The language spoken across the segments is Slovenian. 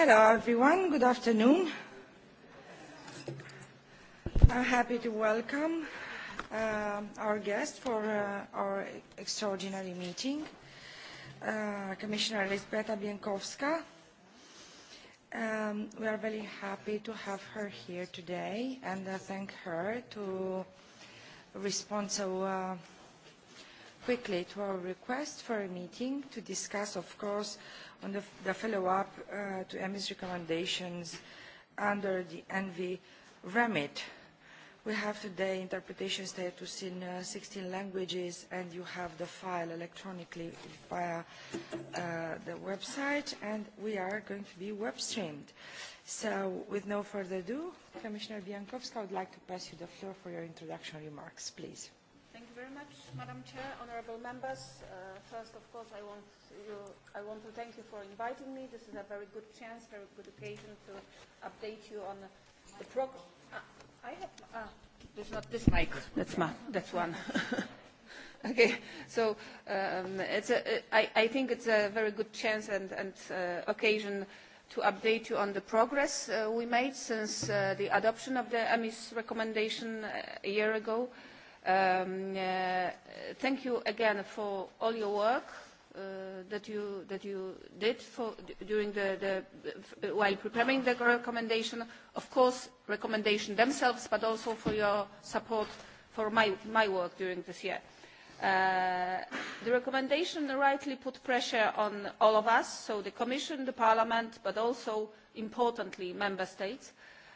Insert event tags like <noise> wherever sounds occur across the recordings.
Hello, everyone. Good afternoon. I'm happy to welcome uh, our guest for uh, our extraordinary meeting, uh, Commissioner Lisbeta Biankowska. Um, we are very happy to have her here today and uh, thank her to respond so uh, quickly to our request for a meeting to discuss, of course, on the, the follow-up uh, to EMI's recommendations under the ENVI remit. We have today interpretation status in uh, 16 languages, and you have the file electronically via uh, the website, and we are going to be web-streamed. So with no further ado, Commissioner Biankowska, I would like to pass you the floor for your introduction remarks, please very much, Madam Chair, honourable members. Uh, first, of course, I want you, I want to thank you for inviting me. This is a very good chance, very good occasion to update you on the, the program. Uh, I have. Uh, this not this mic. That's my. That's one. <laughs> Okay, so um, it's a, uh, I, I think it's a very good chance and, and uh, occasion to update you on the progress uh, we made since uh, the adoption of the MIS recommendation uh, a year ago. Uh, um, uh, thank you again for all your work uh, that you that you did for during the, the while preparing the recommendation of course recommendation themselves but also for your support for my my work during this year uh, the recommendation rightly put pressure on all of us, so the Commission, the Parliament, but also, importantly, Member States.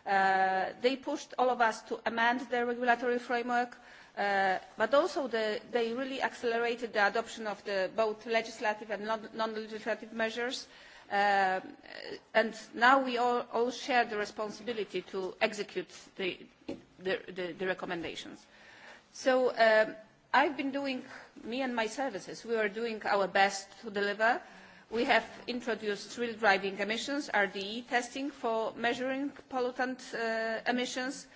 Uh, they pushed all of us to amend the regulatory framework, uh, Uh, but also they really accelerated the adoption of both legislative and non legislative measures uh, and now we all share the responsibility to execute the recommendations. so um, i have been doing me and my services we are doing our best to deliver. we have introduced real driving emissions rde testing for measuring pollutant uh, emissions.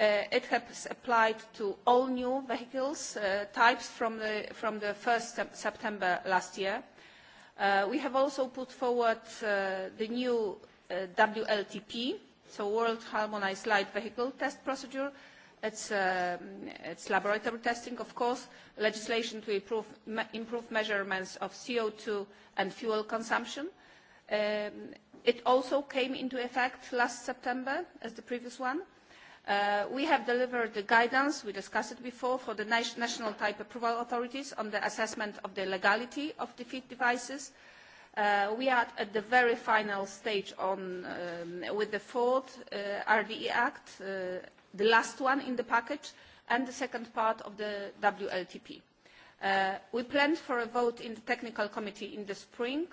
Uh, it has applied to all new vehicle uh, types from one september last year. Uh, we have also put forward the new wltp so world harmonised light vehicle test procedure. it um, is laboratory testing of course legislation to improve measurements of co two and fuel consumption. Um, it also came into effect last september as the previous one. Uh, we have delivered the guidance, we discussed it before, for the national type approval authorities on the assessment of the legality of defeat devices. Uh, we are at the very final stage on um, with the fourth uh, RDE Act, the last one in the package, and the second part of the WLTP. We planned for a vote in the technical committee in the spring,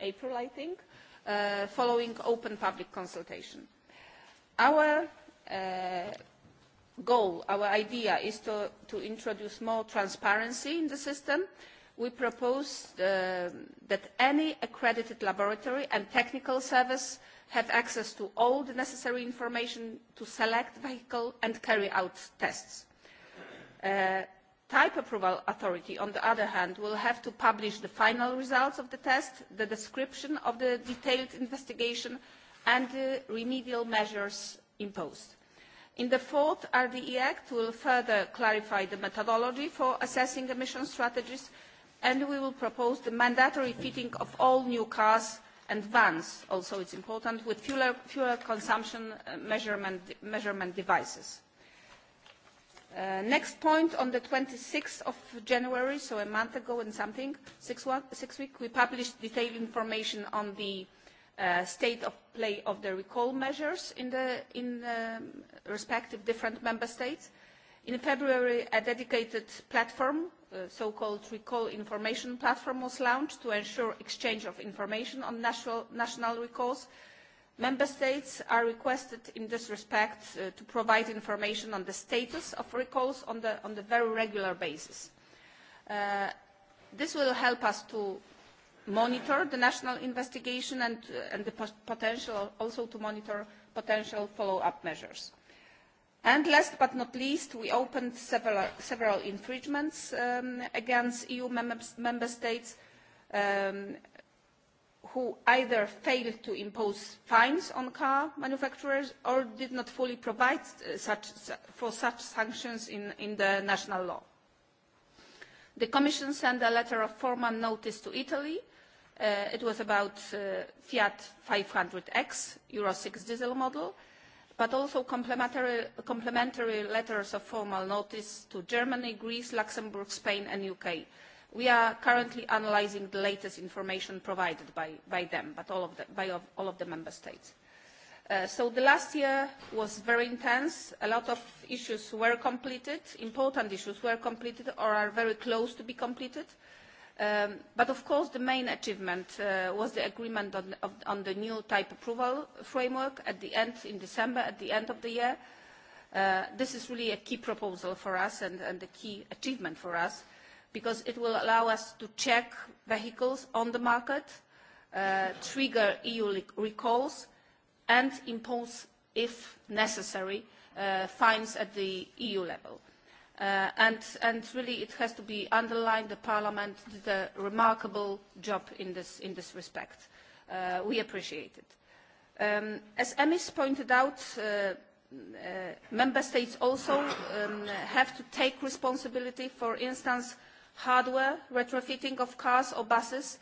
April, I think, following open public consultation. Our uh, goal, our idea is to, to introduce more transparency in the system. We propose uh, that any accredited laboratory and technical service have access to all the necessary information to select vehicle and carry out tests. Uh, type approval authority, on the other hand, will have to publish the final results of the test, the description of the detailed investigation, and the remedial measures imposed in the fourth rde act we will further clarify the methodology for assessing emission strategies and we will propose the mandatory fitting of all new cars and vans also it's important with fuel, fuel consumption uh, measurement measurement devices uh, next point on the 26th of January, so a month ago and something, six, one, six weeks, we published detailed information on the uh, Uh, state of play of the recall measures in the, in the um, respective different member states. In February, a dedicated platform, uh, so-called recall information platform, was launched to ensure exchange of information on national, national recalls. Member states are requested in this respect uh, to provide information on the status of recalls on the, on the very regular basis. Uh, this will help us to monitor the national investigation and, uh, and the potential also to monitor potential follow-up measures. And last but not least, we opened several, several infringements um, against EU mem member states um, who either failed to impose fines on car manufacturers or did not fully provide uh, such, for such sanctions in, in the national law. The Commission sent a letter of formal notice to Italy Uh, it was about uh, fiat five hundred x euro six diesel model but also complementary, complementary letters of formal notice to Germany, Greece, Luxembourg, Spain and UK. We are currently analysing the latest information provided by, by them, but all of the, by of, all of the member states. Uh, so the last year was very intense. A lot of issues were completed, important issues were completed or are very close to be completed. Uh, Um, but of course the main achievement uh, was the agreement on, of, on the new type approval framework at the end in December, at the end of the year. Uh, this is really a key proposal for us and, and a key achievement for us because it will allow us to check vehicles on the market, uh, trigger EU recalls and impose, if necessary, uh, fines at the EU level. Uh, and, and really, it has to be underlined, the Parliament did a remarkable job in this, in this respect. Uh, we appreciate it. Um, as Emis pointed out, uh, uh, Member States also um, have to take responsibility, for instance, hardware retrofitting of cars or buses.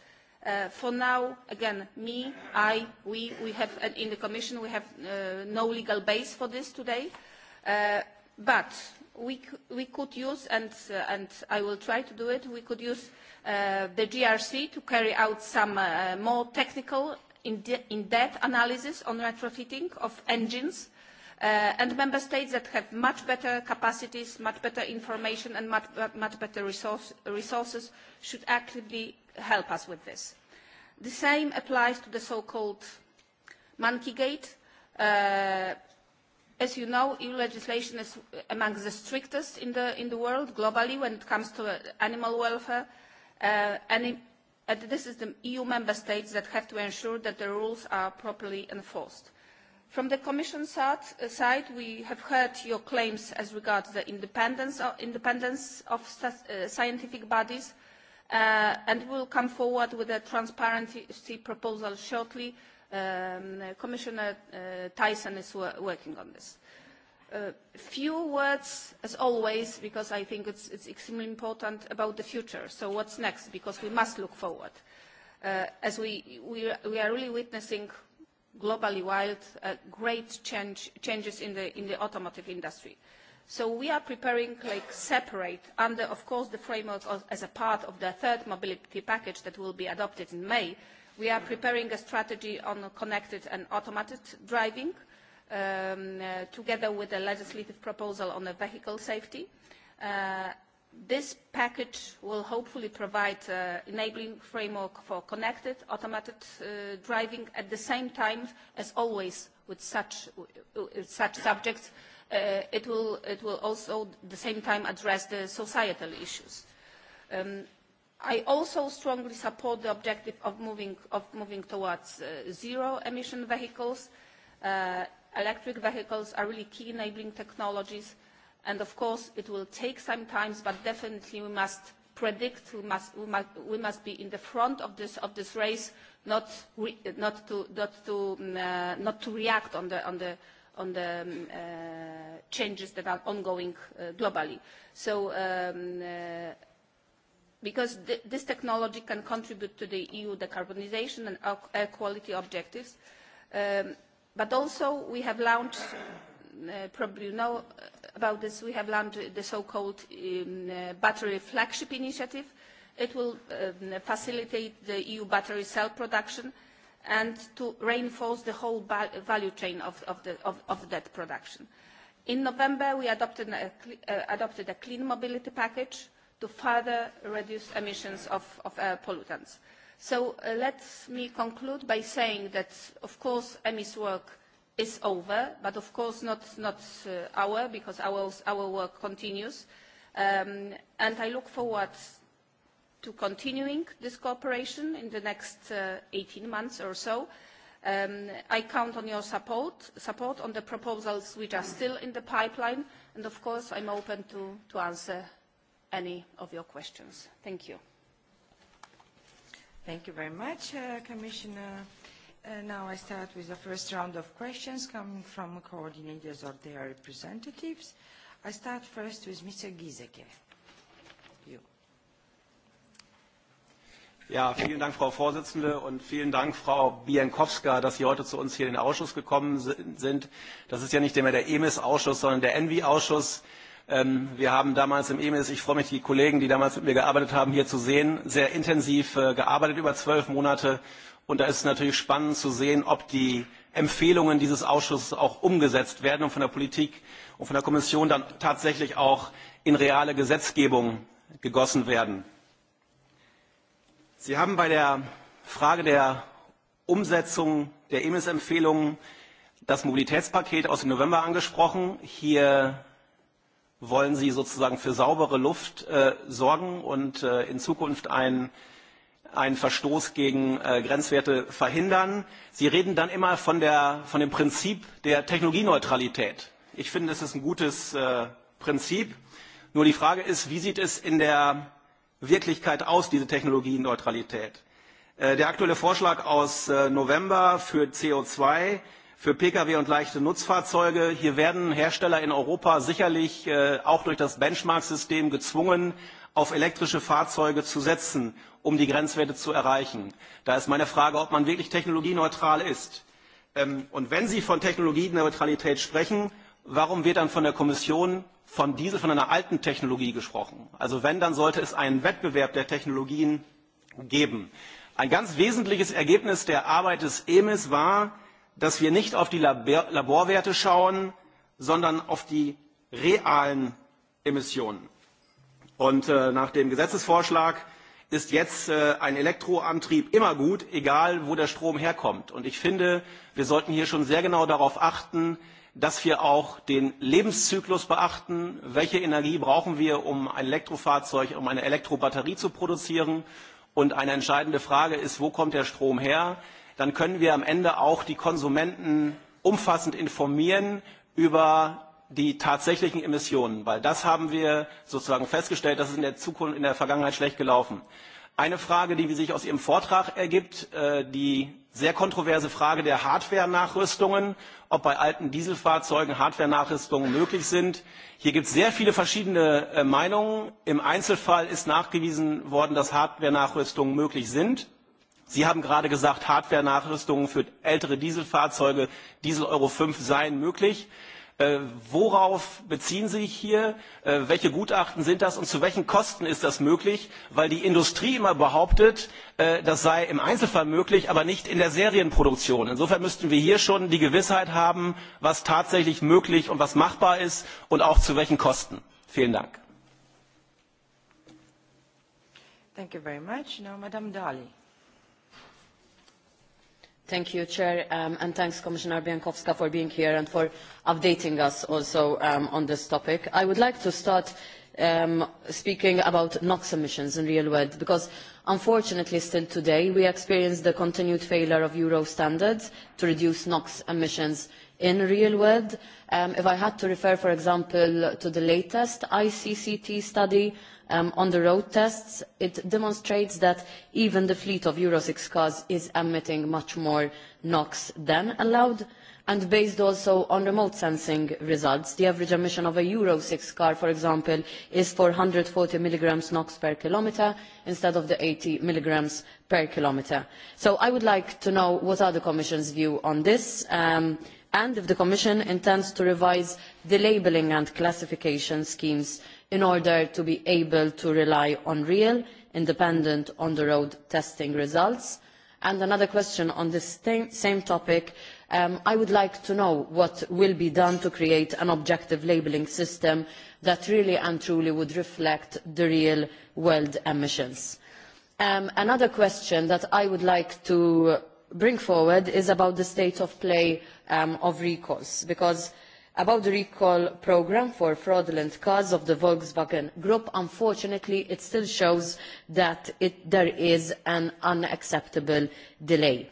Uh, for now, again, me, I, we, we have, in the Commission, we have uh, no legal base for this today. Uh, but we, we could use, and, uh, and I will try to do it, we could use uh, the GRC to carry out some uh, more technical in-depth in analysis on retrofitting of engines uh, and member states that have much better capacities, much better information and much, much better resource, resources should actively help us with this. The same applies to the so-called monkey gate. Uh, As you know, EU legislation is among the strictest in the, in the world globally when it comes to uh, animal welfare. Uh, and, it, and this is the EU member states that have to ensure that the rules are properly enforced. From the Commission uh, side, we have heard your claims as regards the independence of, independence of uh, scientific bodies. Uh, and we'll come forward with a transparency proposal shortly um, Commissioner uh, Tyson is wo working on this. A uh, few words, as always, because I think it's, it's extremely important about the future. So what's next? Because we must look forward. Uh, as we, we, we are really witnessing globally wild uh, great change, changes in the, in the automotive industry. So we are preparing like separate under, of course, the framework of, as a part of the third mobility package that will be adopted in May, uh, we are preparing a strategy on connected and automated driving um, uh, together with a legislative proposal on the vehicle safety. Uh, this package will hopefully provide an uh, enabling framework for connected automated uh, driving at the same time as always with such, uh, with such subjects uh, it, will, it will also at the same time address the societal issues. Um, I also strongly support the objective of moving, of moving towards uh, zero-emission vehicles. Uh, electric vehicles are really key enabling technologies, and of course it will take some time, but definitely we must predict, we must, we must, we must be in the front of this, of this race, not, re, not, to, not, to, mm, uh, not to react on the, on the, on the um, uh, changes that are ongoing uh, globally. So um, uh, because th this technology can contribute to the EU decarbonisation and air quality objectives. Um, but also we have launched, uh, probably you know uh, about this, we have launched the so-called um, uh, battery flagship initiative. It will um, facilitate the EU battery cell production and to reinforce the whole value chain of, of, the, of, of that production. In November, we adopted a, uh, adopted a clean mobility package uh, to further reduce emissions of, of air pollutants. So uh, let me conclude by saying that, of course, EMIS work is over, but of course not, not uh, our, because our, our work continues. Um, and I look forward to continuing this cooperation in the next uh, 18 months or so. Um, I count on your support, support on the proposals which are still in the pipeline, and of course I'm open to, to answer any of your questions. Thank you. Thank you very much, uh, Commissioner. Uh, now I start with the first round of questions coming from coordinators or their representatives. I start first with Mr. Giesecke. You. Ja, vielen Dank, Frau Vorsitzende, und vielen Dank, Frau Bienkowska, dass Sie heute zu uns hier in den Ausschuss gekommen sind. Das ist ja nicht mehr der EMIS-Ausschuss, sondern der Envi-Ausschuss. Ähm, wir haben damals im EMIS, ich freue mich, die Kollegen, die damals mit mir gearbeitet haben, hier zu sehen, sehr intensiv äh, gearbeitet über zwölf Monate. Und da ist es natürlich spannend zu sehen, ob die Empfehlungen dieses Ausschusses auch umgesetzt werden und von der Politik und von der Kommission dann tatsächlich auch in reale Gesetzgebung gegossen werden. Sie haben bei der Frage der Umsetzung der EMIS-Empfehlungen das Mobilitätspaket aus dem November angesprochen. Hier wollen Sie sozusagen für saubere Luft äh, sorgen und äh, in Zukunft einen, einen Verstoß gegen äh, Grenzwerte verhindern. Sie reden dann immer von, der, von dem Prinzip der Technologieneutralität. Ich finde, es ist ein gutes äh, Prinzip. Nur die Frage ist, wie sieht es in der Wirklichkeit aus, diese Technologieneutralität? Äh, der aktuelle Vorschlag aus äh, November für CO2 für Pkw und leichte Nutzfahrzeuge. Hier werden Hersteller in Europa sicherlich äh, auch durch das Benchmark-System gezwungen, auf elektrische Fahrzeuge zu setzen, um die Grenzwerte zu erreichen. Da ist meine Frage, ob man wirklich technologieneutral ist. Ähm, und wenn Sie von Technologieneutralität sprechen, warum wird dann von der Kommission von Diesel, von einer alten Technologie gesprochen? Also wenn, dann sollte es einen Wettbewerb der Technologien geben. Ein ganz wesentliches Ergebnis der Arbeit des EMIS war, dass wir nicht auf die Labor Laborwerte schauen, sondern auf die realen Emissionen. Und äh, nach dem Gesetzesvorschlag ist jetzt äh, ein Elektroantrieb immer gut, egal wo der Strom herkommt. Und ich finde, wir sollten hier schon sehr genau darauf achten, dass wir auch den Lebenszyklus beachten, welche Energie brauchen wir, um ein Elektrofahrzeug, um eine Elektrobatterie zu produzieren. Und eine entscheidende Frage ist, wo kommt der Strom her? dann können wir am Ende auch die Konsumenten umfassend informieren über die tatsächlichen Emissionen, weil das haben wir sozusagen festgestellt, das ist in der Zukunft, in der Vergangenheit schlecht gelaufen. Eine Frage, die sich aus Ihrem Vortrag ergibt, äh, die sehr kontroverse Frage der Hardware-Nachrüstungen, ob bei alten Dieselfahrzeugen Hardware-Nachrüstungen möglich sind. Hier gibt es sehr viele verschiedene äh, Meinungen. Im Einzelfall ist nachgewiesen worden, dass Hardware-Nachrüstungen möglich sind. Sie haben gerade gesagt, Hardware-Nachrüstungen für ältere Dieselfahrzeuge, Diesel Euro 5 seien möglich. Äh, worauf beziehen Sie sich hier? Äh, welche Gutachten sind das und zu welchen Kosten ist das möglich? Weil die Industrie immer behauptet, äh, das sei im Einzelfall möglich, aber nicht in der Serienproduktion. Insofern müssten wir hier schon die Gewissheit haben, was tatsächlich möglich und was machbar ist und auch zu welchen Kosten. Vielen Dank. Thank you very much. Now, Madame Dali. Thank you, Chair, um, and thanks, Commissioner Biankowska, for being here and for updating us also um, on this topic. I would like to start um, speaking about NOx emissions in real world, because unfortunately still today we experience the continued failure of Euro standards to reduce NOx emissions in the real world. Um, if I had to refer, for example, to the latest ICCT study um, on the road tests, it demonstrates that even the fleet of Euro 6 cars is emitting much more NOx than allowed. And based also on remote sensing results, the average emission of a Euro 6 car, for example, is 440 milligrams NOx per kilometer instead of the 80 milligrams per kilometer. So I would like to know what are the Commission's view on this. Um, and if the commission intends to revise the labelling and classification schemes in order to be able to rely on real independent on the road testing results. another question on this same topic um, i would like to know what will be done to create an objective labelling system that really and truly would reflect the real world emissions. Um, another question that i would like bring forward is about the state of play um, of recalls because about the recall programme for fraudulent cars of the Volkswagen Group, unfortunately, it still shows that it, there is an unacceptable delay.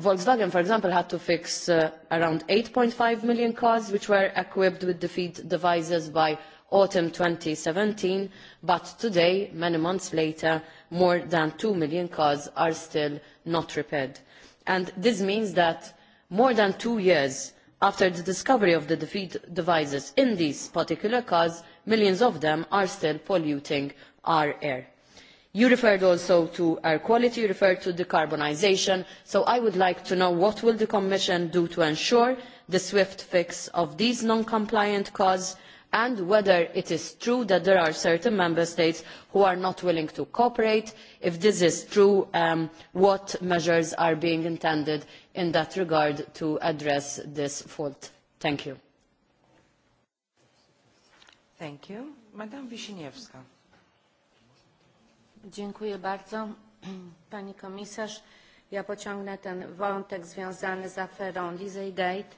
Volkswagen, for example, had to fix uh, around 8.5 million cars which were equipped with defeat devices by autumn 2017, but today, many months later, more than 2 million cars are still not repaired and this means that more than two years after the discovery of the defeat devices in these particular cars millions of them are still polluting our air. You referred also to air quality, you referred to decarbonisation, so I would like to know what will the Commission do to ensure the swift fix of these non-compliant cars, and whether it is true that there are certain member states which are not willing to cooperate. if this is true um, what measures are being intended in that regard to address this fault? thank you. Thank you. Madam Wiśniewska. Dziękuję bardzo. <clears throat> Pani komisarz, ja pociągnę ten wątek związany z aferą Lizegate. Gate.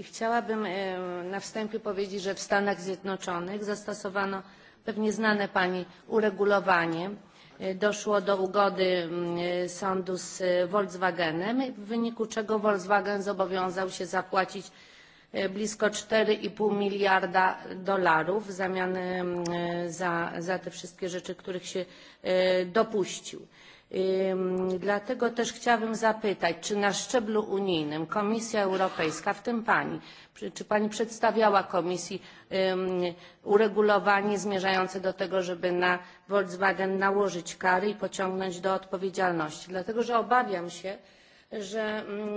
I chciałabym e, na wstępie powiedzieć, że w Stanach Zjednoczonych zastosowano pewnie znane Pani uregulowanie. E, doszło do ugody e, sądu z Volkswagenem, w wyniku czego Volkswagen zobowiązał się zapłacić blisko 4,5 miliarda dolarów w zamian za, za te wszystkie rzeczy, których się dopuścił. Dlatego też chciałabym zapytać, czy na szczeblu unijnym Komisja Europejska, w tym Pani, czy Pani przedstawiała Komisji uregulowanie zmierzające do tego, żeby na Volkswagen nałożyć kary i pociągnąć do odpowiedzialności? Dlatego, że obawiam się, że mm,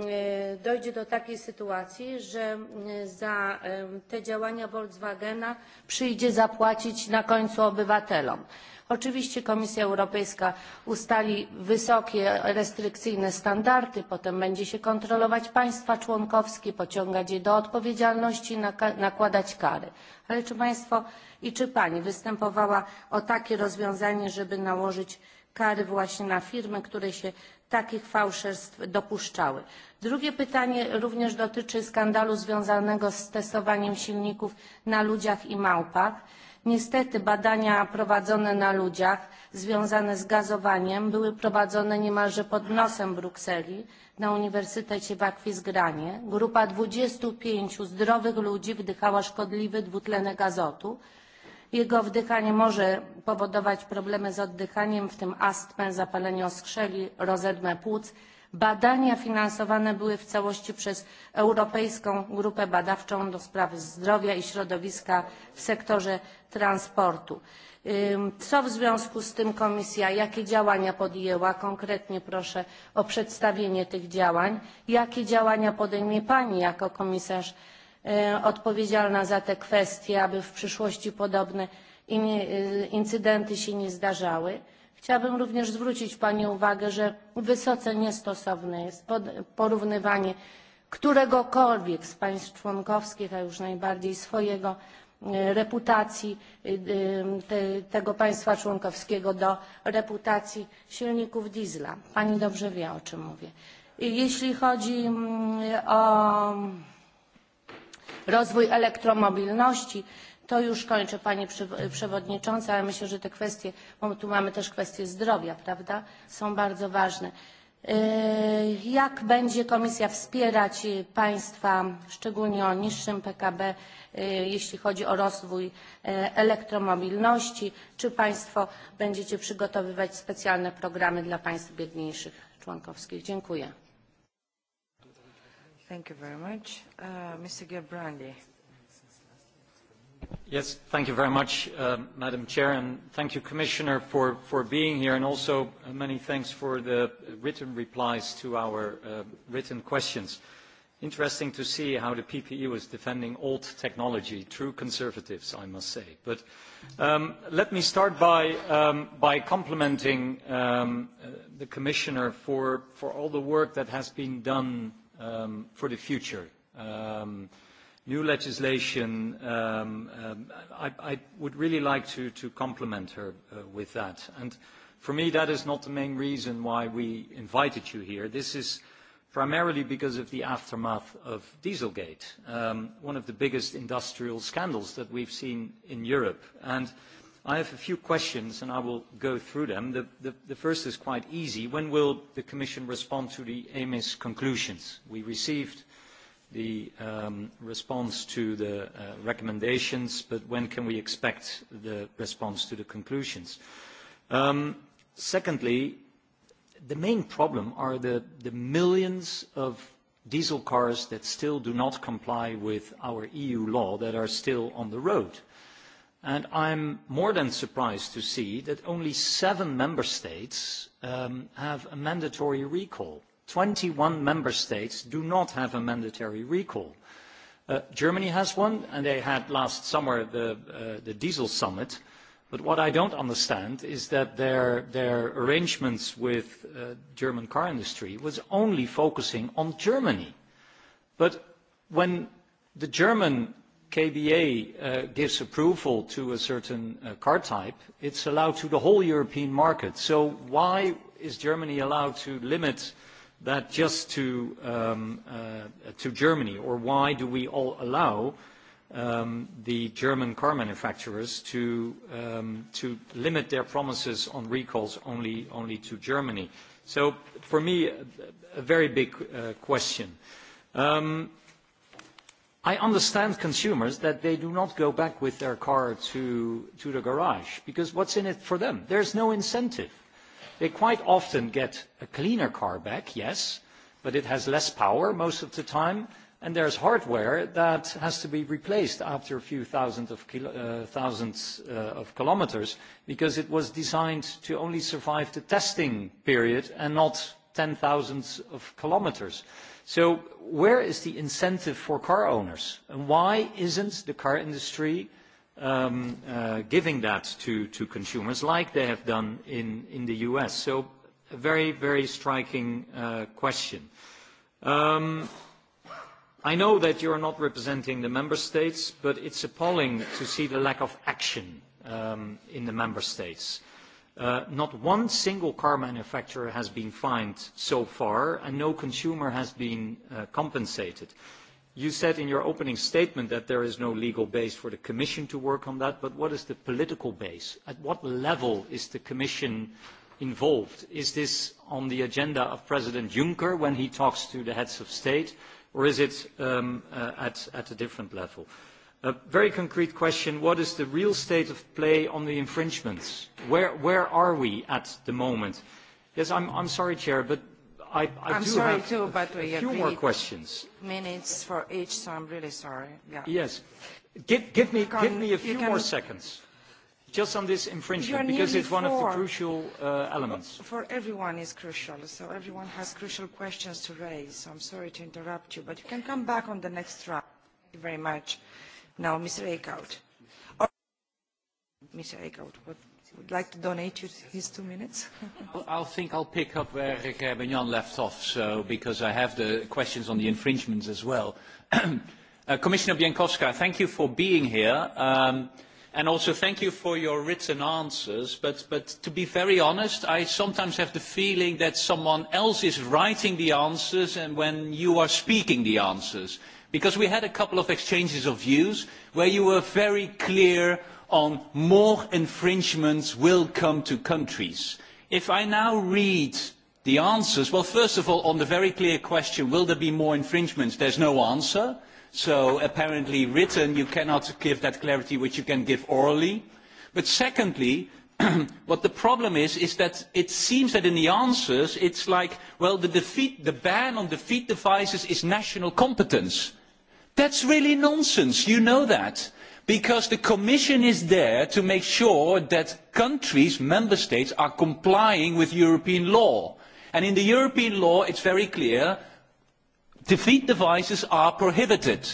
e, dojdzie do takiej sytuacji, że mm, za te działania Volkswagena przyjdzie zapłacić na końcu obywatelom. Oczywiście Komisja Europejska ustali wysokie, restrykcyjne standardy, potem będzie się kontrolować państwa członkowskie, pociągać je do odpowiedzialności, nakładać kary. Ale czy państwo i czy pani występowała o takie rozwiązanie, żeby nałożyć kary właśnie na firmy, które się takich fałszerstw dopuszczały. Drugie pytanie również dotyczy skandalu związanego z testowaniem silników na ludziach i małpach. Niestety badania prowadzone na ludziach związane z gazowaniem były prowadzone niemalże pod nosem Brukseli na Uniwersytecie w Akwizgranie. Grupa 25 zdrowych ludzi wdychała szkodliwy dwutlenek azotu. Jego wdychanie może powodować problemy z oddychaniem, w tym astmę, zapalenie oskrzeli, rozedmę płuc. Badania finansowane były w całości przez Europejską Grupę Badawczą do spraw zdrowia i środowiska w sektorze transportu. Co w związku z tym komisja, jakie działania podjęła? Konkretnie proszę o przedstawienie tych działań. Jakie działania podejmie Pani jako komisarz odpowiedzialna za te kwestie, aby w przyszłości podobne incydenty się nie zdarzały? Chciałabym również zwrócić Pani uwagę, że wysoce niestosowne jest porównywanie któregokolwiek z państw członkowskich, a już najbardziej swojego e, reputacji e, tego państwa członkowskiego do reputacji silników diesla. Pani dobrze wie, o czym mówię. Jeśli chodzi mm, o rozwój elektromobilności, To już kończę, Panie Przewodniczący, ale myślę, że te kwestie, bo tu mamy też kwestie zdrowia, prawda, są bardzo ważne. Jak będzie Komisja wspierać Państwa, szczególnie o niższym PKB, jeśli chodzi o rozwój elektromobilności? Czy Państwo będziecie przygotowywać specjalne programy dla Państw biedniejszych członkowskich? Dziękuję. Thank you very much. Uh, Mr. Uh, madam president and thank you commissioner for being here and also uh, many thanks for the written replies to our uh, written questions. interesting to see how the ppe was defending old technology true conservatives i must say. but um, let me start by um, complimenting um, the commissioner for all the work that has been done for the future new legislation, um, um, I, I would really like to, to compliment her uh, with that. And for me, that is not the main reason why we invited you here. This is primarily because of the aftermath of Dieselgate, um, one of the biggest industrial scandals that we've seen in Europe. And I have a few questions, and I will go through them. The, the, the first is quite easy. When will the Commission respond to the AMIS conclusions? We received – the um, response to the uh, recommendations, but when can we expect the response to the conclusions? Um, secondly, the main problem are the, the millions of diesel cars that still do not comply with our EU law that are still on the road. And I'm more than surprised to see that only seven member states um, have a mandatory recall. 21 member states do not have a mandatory recall. Uh, Germany has one, and they had last summer the, uh, the diesel summit. But what I don't understand is that their, their arrangements with uh, German car industry was only focusing on Germany. But when the German KBA uh, gives approval to a certain uh, car type, it's allowed to the whole European market. So why is Germany allowed to limit that just to, um, uh, to Germany, or why do we all allow um, the German car manufacturers to, um, to limit their promises on recalls only, only to Germany? So for me, a, a very big uh, question. Um, I understand consumers that they do not go back with their car to, to the garage, because what's in it for them? There's no incentive they quite often get a cleaner car back, yes, but it has less power most of the time, and there's hardware that has to be replaced after a few thousands of, kilo, uh, thousands, uh, of kilometers because it was designed to only survive the testing period and not ten thousands of kilometers. So where is the incentive for car owners? And why isn't the car industry Um, uh, giving that to consumers like they have done in the U.S.? So a very, very striking uh, question. Um, I know that you're not representing the member states, but it's appalling to see the lack of action um, in the member states. Uh, not one single car manufacturer has been fined so far, and no consumer has been compensated. You said in your opening statement that there is no legal base for the Commission to work on that, but what is the political base? At what level is the Commission involved? Is this on the agenda of President Juncker when he talks to the heads of state, or is it um, uh, at, at a different level? A very concrete question, what is the real state of play on the infringements? Where, where are we at the moment? Yes, I'm, I'm sorry, Chair, but I'm sorry too, but we agreed. A few more questions. Minutes for each, so I'm really sorry. Yeah. Yes. Give me a few more seconds just on this infringement because it's one of the crucial uh, elements. For everyone is crucial, so everyone has crucial questions to raise. I'm sorry to interrupt you, but you can come back on the next try. Thank you very much. Now, Mr. Eickhout. Oh, Mr. Eickhout, what would like to donate you his two minutes. <laughs> I think I'll pick up where Benyan left off, so because I have the questions on the infringements as well. <clears throat> uh, Commissioner Bienkowska, thank you for being here. Um, and also thank you for your written answers. But, but to be very honest, I sometimes have the feeling that someone else is writing the answers and when you are speaking the answers because we had a couple of exchanges of views where you were very clear on more infringements will come to countries. If I now read the answers, well, first of all, on the very clear question, will there be more infringements, there's no answer. So apparently written, you cannot give that clarity which you can give orally. But secondly, <clears throat> what the problem is, is that it seems that in the answers, it's like, well, the, defeat, the ban on defeat devices is national competence. That is really nonsense. You know that. Because the Commission is there to make sure that countries, member states, are complying with European law. And in the European law, it's very clear, defeat devices are prohibited.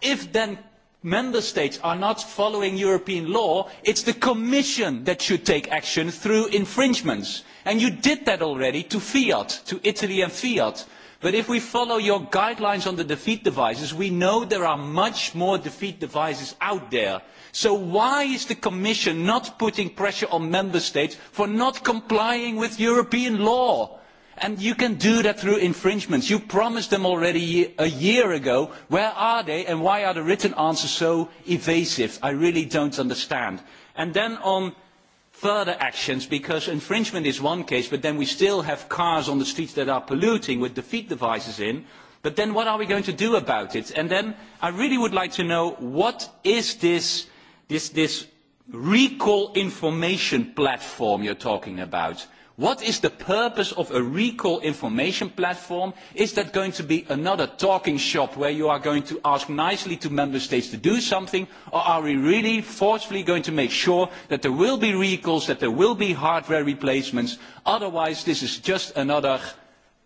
If then member states are not following European law, it's the Commission that should take action through infringements. And you did that already to Fiat, to Italy and Fiat. But if we follow your guidelines on the defeat devices, we know there are much more defeat devices out there. So why is the Commission not putting pressure on Member States for not complying with European law? And you can do that through infringements. You promised them already a year ago. Where are they and why are the written answers so evasive? I really don't understand. And then on further actions because infringement is one case, but then we still have cars on the streets that are polluting with defeat devices in. But then what are we going to do about it? And then I really would like to know what is this, this, this recall information platform you're talking about? What is the purpose of a recall information platform? Is that going to be another talking shop where you are going to ask nicely to member states to do something? Or are we really forcefully going to make sure that there will be recalls, that there will be hardware replacements? Otherwise, this is just another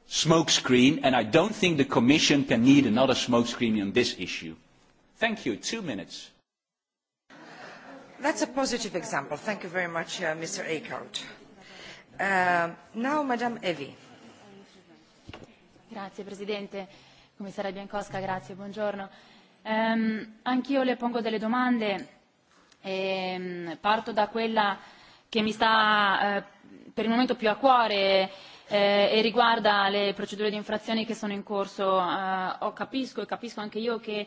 smokescreen, and I don't think the Commission can need another smokescreen on this issue. Thank you. Two minutes. That's a positive example. Thank you very much, uh, Mr. Eckhart signora ehm, presidente commissaria biekowska ehm, anch'io le pongo delle domande e parto da quella che mi sta eh, per il momento più a cuore eh, e riguarda le procedure di infrazione che sono in corso. Eh, capisco e capisco anche io che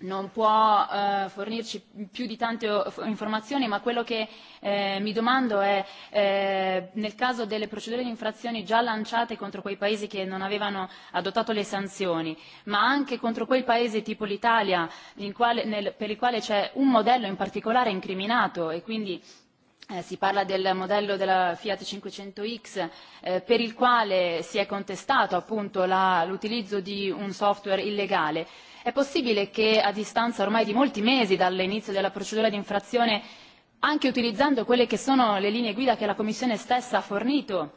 non può eh, fornirci più di tante informazioni, ma quello che eh, mi domando è eh, nel caso delle procedure di infrazione già lanciate contro quei paesi che non avevano adottato le sanzioni, ma anche contro quei paesi tipo l'Italia per il quale c'è un modello in particolare incriminato e quindi eh, si parla del modello della Fiat 500X eh, per il quale si è contestato appunto l'utilizzo di un software illegale. È possibile che a distanza ormai di molti mesi dall'inizio della procedura di infrazione, anche utilizzando quelle che sono le linee guida che la Commissione stessa ha fornito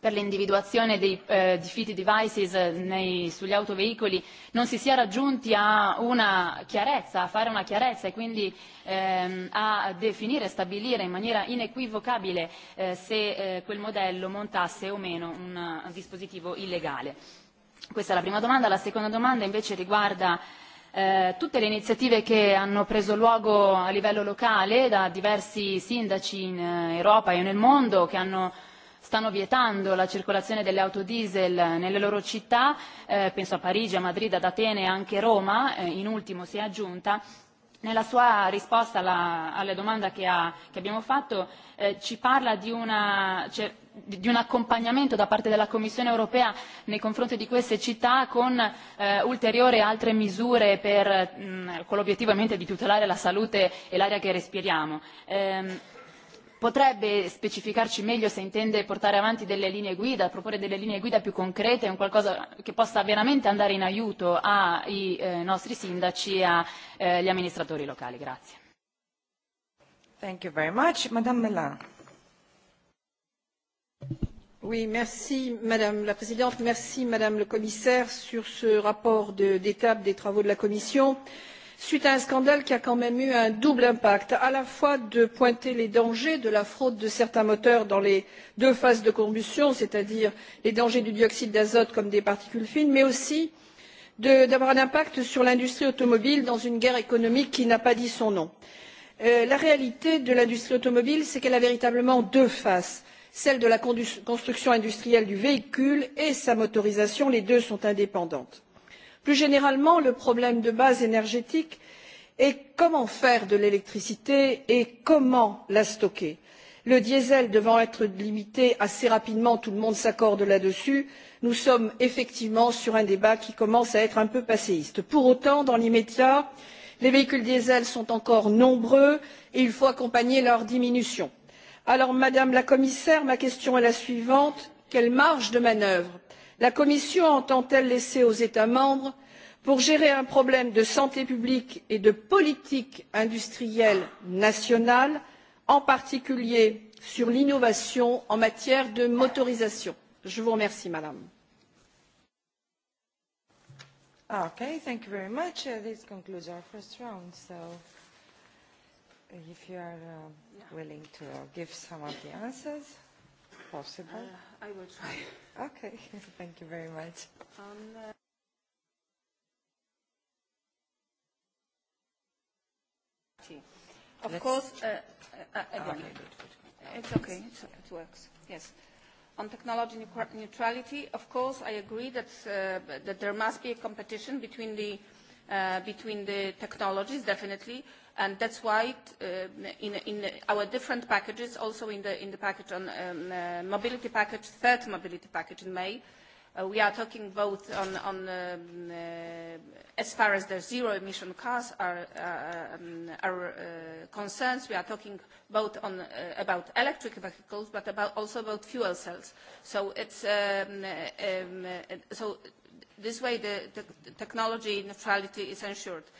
per l'individuazione dei eh, defeat devices eh, nei, sugli autoveicoli, non si sia raggiunti a una chiarezza, a fare una chiarezza e quindi ehm, a definire, e stabilire in maniera inequivocabile eh, se eh, quel modello montasse o meno un eh, dispositivo illegale. Questa è la prima domanda. La seconda domanda invece riguarda eh, tutte le iniziative che hanno preso luogo a livello locale da diversi sindaci in eh, Europa e nel mondo che hanno stanno vietando la circolazione delle auto diesel nelle loro città, eh, penso a Parigi, a Madrid, ad Atene e anche Roma, eh, in ultimo si è aggiunta. Nella sua risposta alla, alla domanda che, ha, che abbiamo fatto eh, ci parla di una, cioè, di un accompagnamento da parte della commissione europea nei confronti di queste città con eh, ulteriori altre misure mm, con l'obiettivo ovviamente di tutelare la salute e l'aria che respiriamo. Ehm, potrebbe specificarci meglio se intende portare avanti delle linee guida proporre delle linee guida più concrete un qualcosa che possa veramente andare in aiuto ai eh, nostri sindaci e agli amministratori locali. Thank you very much. Madame Melan madame la présidente merci madame la commissaire pour ce rapport d'étape des travaux de la commission suite à un scandale qui a quand même eu un double impact à la fois de pointer les dangers de la fraude de certains moteurs dans les deux phases de combustion c'est à dire les dangers du dioxyde d'azote comme des particules fines mais aussi d'avoir un impact sur l'industrie automobile dans une guerre économique qui n'a pas dit son nom. Euh, la réalité de l'industrie automobile c'est qu'elle a véritablement deux faces celle de la construction industrielle du véhicule et sa motorisation les deux sont indépendantes. plus généralement le problème de base énergétique est comment faire de l'électricité et comment la stocker? le diesel devant être limité assez rapidement tout le monde s'accorde là dessus nous sommes effectivement sur un débat qui commence à être un peu passéiste. pour autant dans l'immédiat les véhicules diesel sont encore nombreux et il faut accompagner leur diminution madame la commissaire ma question est la suivante quelle marge de manœuvre la commission entend t elle laisser aux états membres pour gérer un problème de santé publique et de politique industrielle nationale en particulier sur l'innovation en matière de motorisation? je vous remercie madame la uh, commissaire if you are uh, yeah. willing to give some of the answers, possible. Uh, I will try. <laughs> okay, <laughs> thank you very much. Um, uh Of Let's course, uh, uh, ah, again, okay, it's okay, it's, it works, yes. On technology neutrality, of course, I agree that, uh, that there must be a competition between the, uh, between the technologies, definitely. Uh, and that's why um, in, in our different packages, also in the, in the package on um, uh, mobility package, third mobility package in May, uh, we are talking both on, on um, uh, as far as the zero emission cars are, uh, um, are uh, concerns, we are talking both on, uh, about electric vehicles, but about also about fuel cells. So it's, um, um, uh, so this way the, the technology neutrality is ensured. Uh,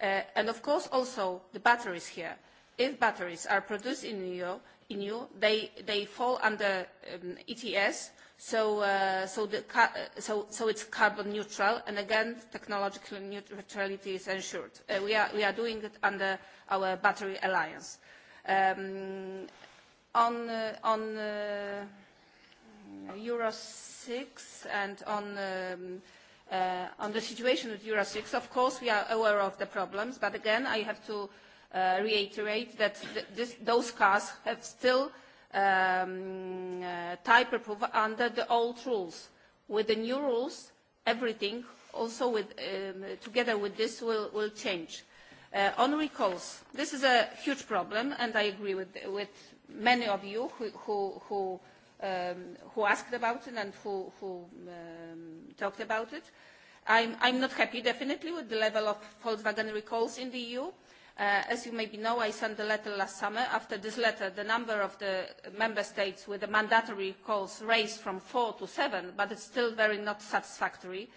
Uh, and of course also the batteries here if batteries are produced in EU, EU they they fall under um, ETS so uh, so the uh, so so it's carbon neutral and again technological neutrality is ensured uh, we are we are doing it under our battery alliance um, on uh, on uh, euro 6 and on um, Uh, on the situation with Euro 6, of course, we are aware of the problems, but again, I have to uh, reiterate that th this, those cars have still um, uh, type approval under the old rules. With the new rules, everything also with, um, together with this will, will change. Uh, on recalls, this is a huge problem, and I agree with, with many of you who, who, who um, who asked about it and who, who um, talked about it. I'm, I'm not happy, definitely, with the level of Volkswagen recalls in the EU. Uh, as you maybe know, I sent a letter last summer. After this letter, the number of the member states with the mandatory calls raised from four to seven, but it's still very not satisfactory.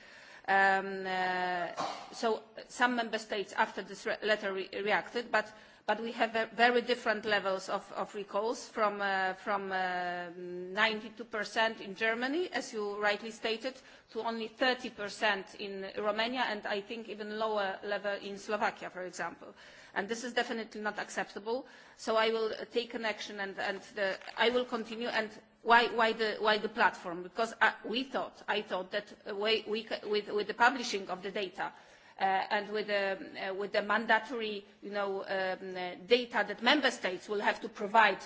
Um, uh, so some member states after this re letter re reacted, but uh, but we have very different levels of recalls from 92% uh, uh, in Germany, as you rightly stated, to only 30% in Romania, and I think even lower level in Slovakia, for example. This is definitely not acceptable, so I will take an action and I will continue. Why the platform? Because uh, we thought, I thought that with the publishing of the data, Uh, and with the, uh, with the mandatory you know, um, uh, data that member states will have to provide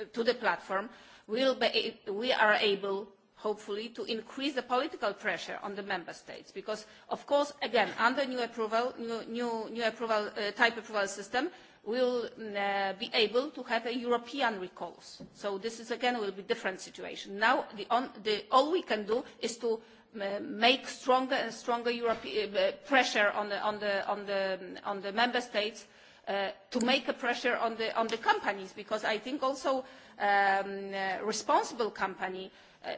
uh, to the platform, we'll be, we are able, hopefully, to increase the political pressure on the member states. Because, of course, again, under new approval, new, new, new approval, uh, type approval system, will mm, uh, be able to have a European recourse. So this is, again, will be a different situation. Now, the on, the, all we can do is to uh, make stronger and stronger europe eh, eh, pressure on the on the on the on the member states uh, to make a pressure on the on the companies because i think also um, uh, responsible company uh,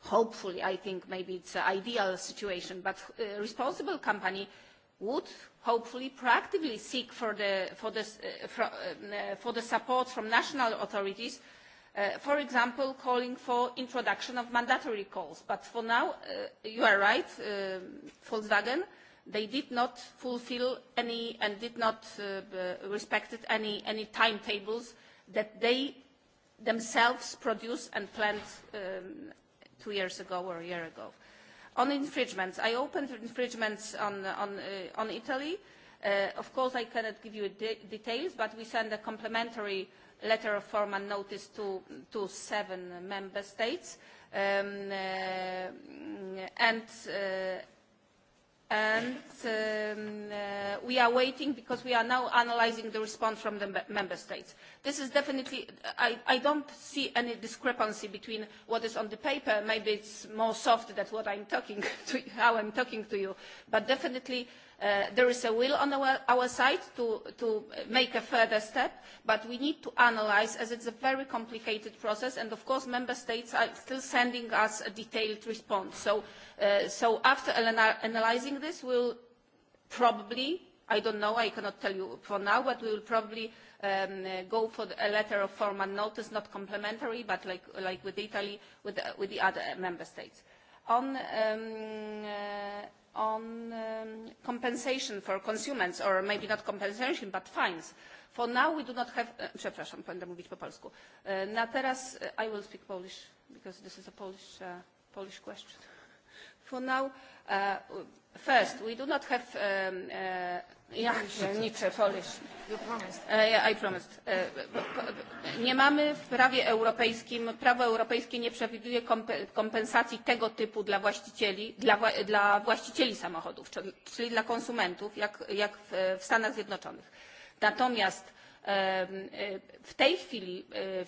hopefully i think maybe it's an ideal situation but uh, responsible company would hopefully proactively seek for the for the uh, for, uh, for the support from national authorities uh, Uh, for example calling for the introduction of mandatory calls but for now uh, you are right uh, volkswagen did not fulfil any and did not respect any, any timetables that they themselves produced and planned um, two years ago or a year ago. On infringements, I opened infringements on, on, uh, on Italy. Uh, of course, I cannot give you de details, but we sent a complementary uh, letter of formal notice to, to seven member states. Um, uh, and uh, and um, uh, we are waiting because we are now analyzing the response from the member states. This is definitely, I, I don't see any discrepancy between what is on the paper. Maybe it's more soft than what I'm talking <laughs> to, how I'm talking to you. But definitely, uh, Uh, there is a will on our side to make a further step but we need to analyse as it is a very complicated process and of course member states are still sending us a detailed response so uh, after analysing this we will probably i do not know i cannot tell you for now but we will probably um, go for a letter of formal notice not complementary but like with italy with the other member states. Um, uh, on um, compensation for consumers, or maybe not compensation, but fines. For now, we do not have. Uh, przepraszam, będę mówić po polsku. E, na teraz, e, I will speak Polish because this is a Polish uh, question for now. Uh, first, we do not have... Um, uh, yeah, ja, Polish. <laughs> Nietzsche, Polish. You promised. Uh, yeah, I promised. Uh, nie mamy w prawie europejskim, prawo europejskie nie przewiduje kompensacji tego typu dla właścicieli, dla, dla właścicieli samochodów, czyli, czyli dla konsumentów, jak, jak w, w Stanach Zjednoczonych. Natomiast... Uh, E, w tej chwili e,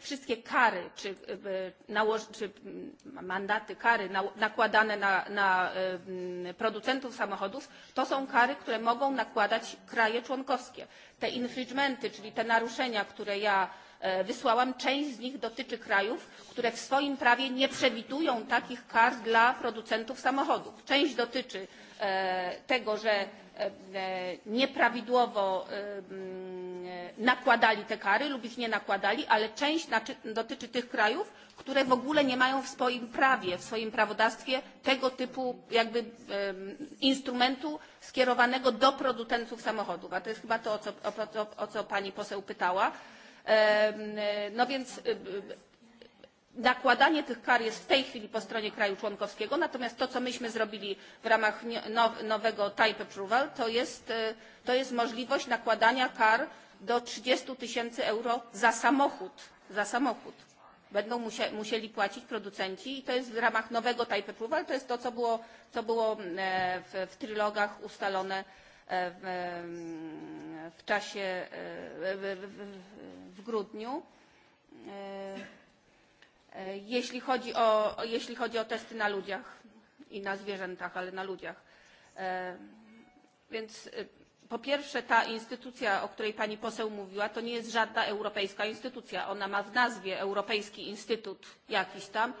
wszystkie kary czy, e, czy mm, mandaty kary nakładane na, na producentów samochodów to są kary, które mogą nakładać kraje członkowskie. Te infringementy, czyli te naruszenia, które ja wysłałam, część z nich dotyczy krajów, które w swoim prawie nie przewidują takich kar dla producentów samochodów. Część dotyczy tego, że nieprawidłowo nakładali te kary lub ich nie nakładali, ale część dotyczy tych krajów, które w ogóle nie mają w swoim prawie, w swoim prawodawstwie tego typu jakby instrumentu skierowanego do producentów samochodów. A to jest chyba to, o co, o, o, o co pani poseł pytała. No więc nakładanie tych kar jest w tej chwili po stronie kraju członkowskiego, natomiast to, co myśmy zrobili w ramach nowego type approval, to jest, to jest możliwość nakładania kar do trzydziestu tysięcy euro za samochód, za samochód będą musieli płacić producenci i to jest w ramach nowego type approval, to jest to, co było, co było e, w, w trylogach ustalone e, w, mm, w czasie e, w, w, w grudniu. Jeśli chodzi, o, jeśli chodzi o testy na ludziach i na zwierzętach, ale na ludziach. Więc Po pierwsze, ta instytucja, o której pani poseł mówiła, to nie jest żadna europejska instytucja. Ona ma w nazwie Europejski Instytut jakiś tam.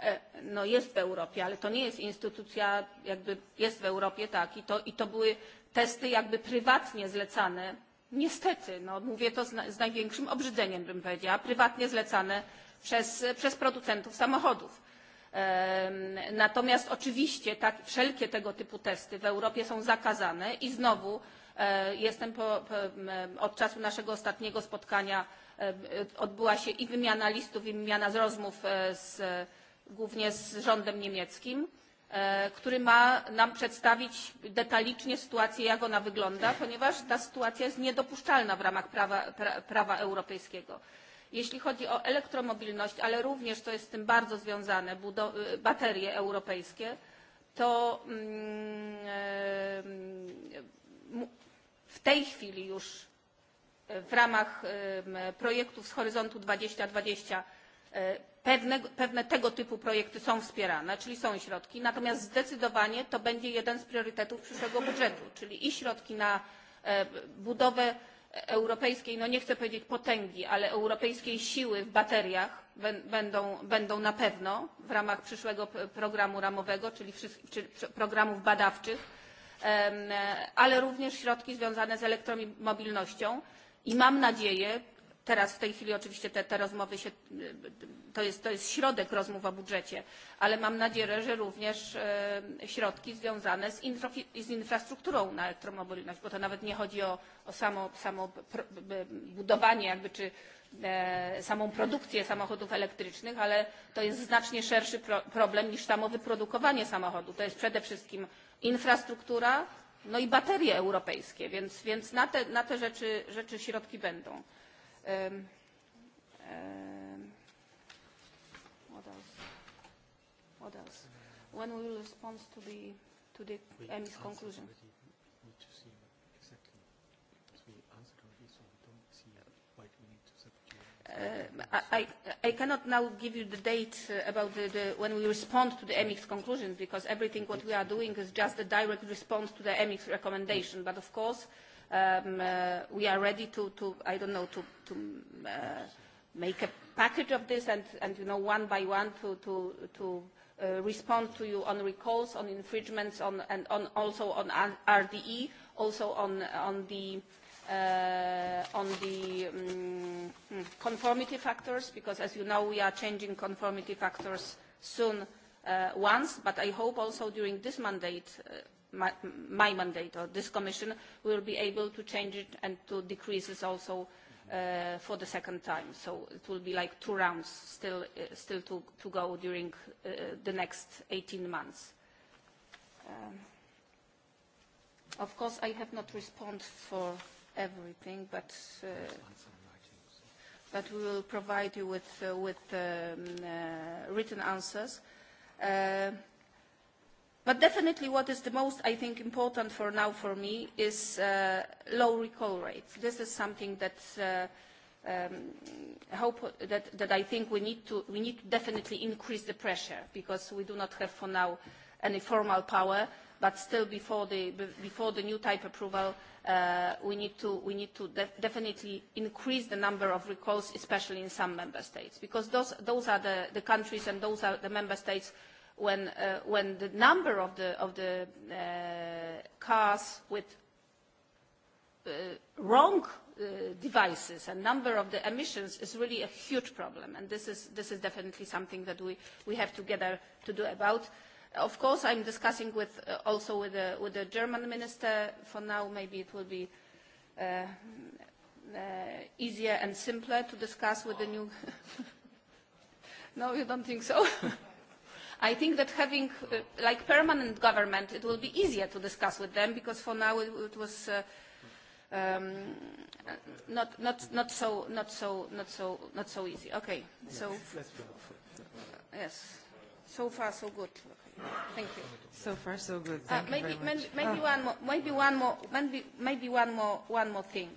E, no jest w Europie, ale to nie jest instytucja, jakby jest w Europie, tak. I to, i to były testy jakby prywatnie zlecane. Niestety, no mówię to z, na, z największym obrzydzeniem, bym powiedziała, prywatnie zlecane przez, przez producentów samochodów. Natomiast oczywiście tak, wszelkie tego typu testy w Europie są zakazane i znowu e, jestem po, po, od czasu naszego ostatniego spotkania e, odbyła się i wymiana listów, i wymiana z rozmów e, z, głównie z rządem niemieckim, który ma nam przedstawić detalicznie sytuację, jak ona wygląda, ponieważ ta sytuacja jest niedopuszczalna w ramach prawa, pra, prawa europejskiego jeśli chodzi o elektromobilność, ale również to jest z tym bardzo związane baterie europejskie, to mm, w tej chwili już w ramach projektów z Horyzontu 2020 pewne, pewne tego typu projekty są wspierane, czyli są środki, natomiast zdecydowanie to będzie jeden z priorytetów przyszłego budżetu, czyli i środki na e, budowę europejskiej no nie chcę powiedzieć potęgi ale europejskiej siły w bateriach będą na pewno w ramach przyszłego programu ramowego czyli programów badawczych ale również środki związane z elektromobilnością i mam nadzieję że teraz w tej chwili oczywiście te, te rozmowy się, to jest, to jest środek rozmów o budżecie, ale mam nadzieję, że również e, środki związane z, infra, z infrastrukturą na elektromobilność, bo to nawet nie chodzi o, o samo, samo budowanie jakby, czy e, samą produkcję samochodów elektrycznych, ale to jest znacznie szerszy pro, problem niż samo wyprodukowanie samochodu. To jest przede wszystkim infrastruktura, no i baterie europejskie, więc, więc na, te, na te rzeczy, rzeczy środki będą um, um, what else? What else? When will we respond to the to the EMIS conclusion? Uh, I, I cannot now give you the date uh, about the, the, when we respond to the MX conclusions because everything what we are doing is just a direct response to the MX recommendation. But of course, uh, um, uh, we are ready to, to I don't know, to, to uh, make a package of this and, and you know, one by one to, to, to uh, respond to you on recalls, on infringements, on, and on also on RDE, also on, on the, uh, on the um, hmm, conformity factors, because as you know, we are changing conformity factors soon uh, once, but I hope also during this mandate, uh, my, my mandate or this commission will be able to change it and to decrease it also uh, for the second time. So it will be like two rounds still, uh, still to, to go during uh, the next 18 months. Um, of course, I have not responded for everything, but, uh, but we will provide you with, uh, with um, uh, written answers. Uh, But definitely what is the most, I think, important for now for me is uh, low recall rates. This is something that, uh, um, hope that, that I think we need, to, we need to definitely increase the pressure because we do not have for now any formal power, but still before the, before the new type approval, uh, we need to, we need to de definitely increase the number of recalls, especially in some member states, because those, those are the, the countries and those are the member states when, uh, when the number of the, of the uh, cars with uh, wrong uh, devices and number of the emissions is really a huge problem. And this is, this is definitely something that we, we have together to do about. Of course, I'm discussing with, uh, also with the, with the German minister for now. Maybe it will be uh, uh, easier and simpler to discuss with the new... <laughs> no, you don't think so? <laughs> I think that having uh, like permanent government, it will be easier to discuss with them because for now it, it was uh, um, not not not so not so not so not so easy. Okay, yes. so uh, yes, so far so good. Thank you. So far, so good. Uh, thank uh, maybe, you very much. maybe, maybe oh. one more, maybe one more, maybe, maybe one more, one more thing.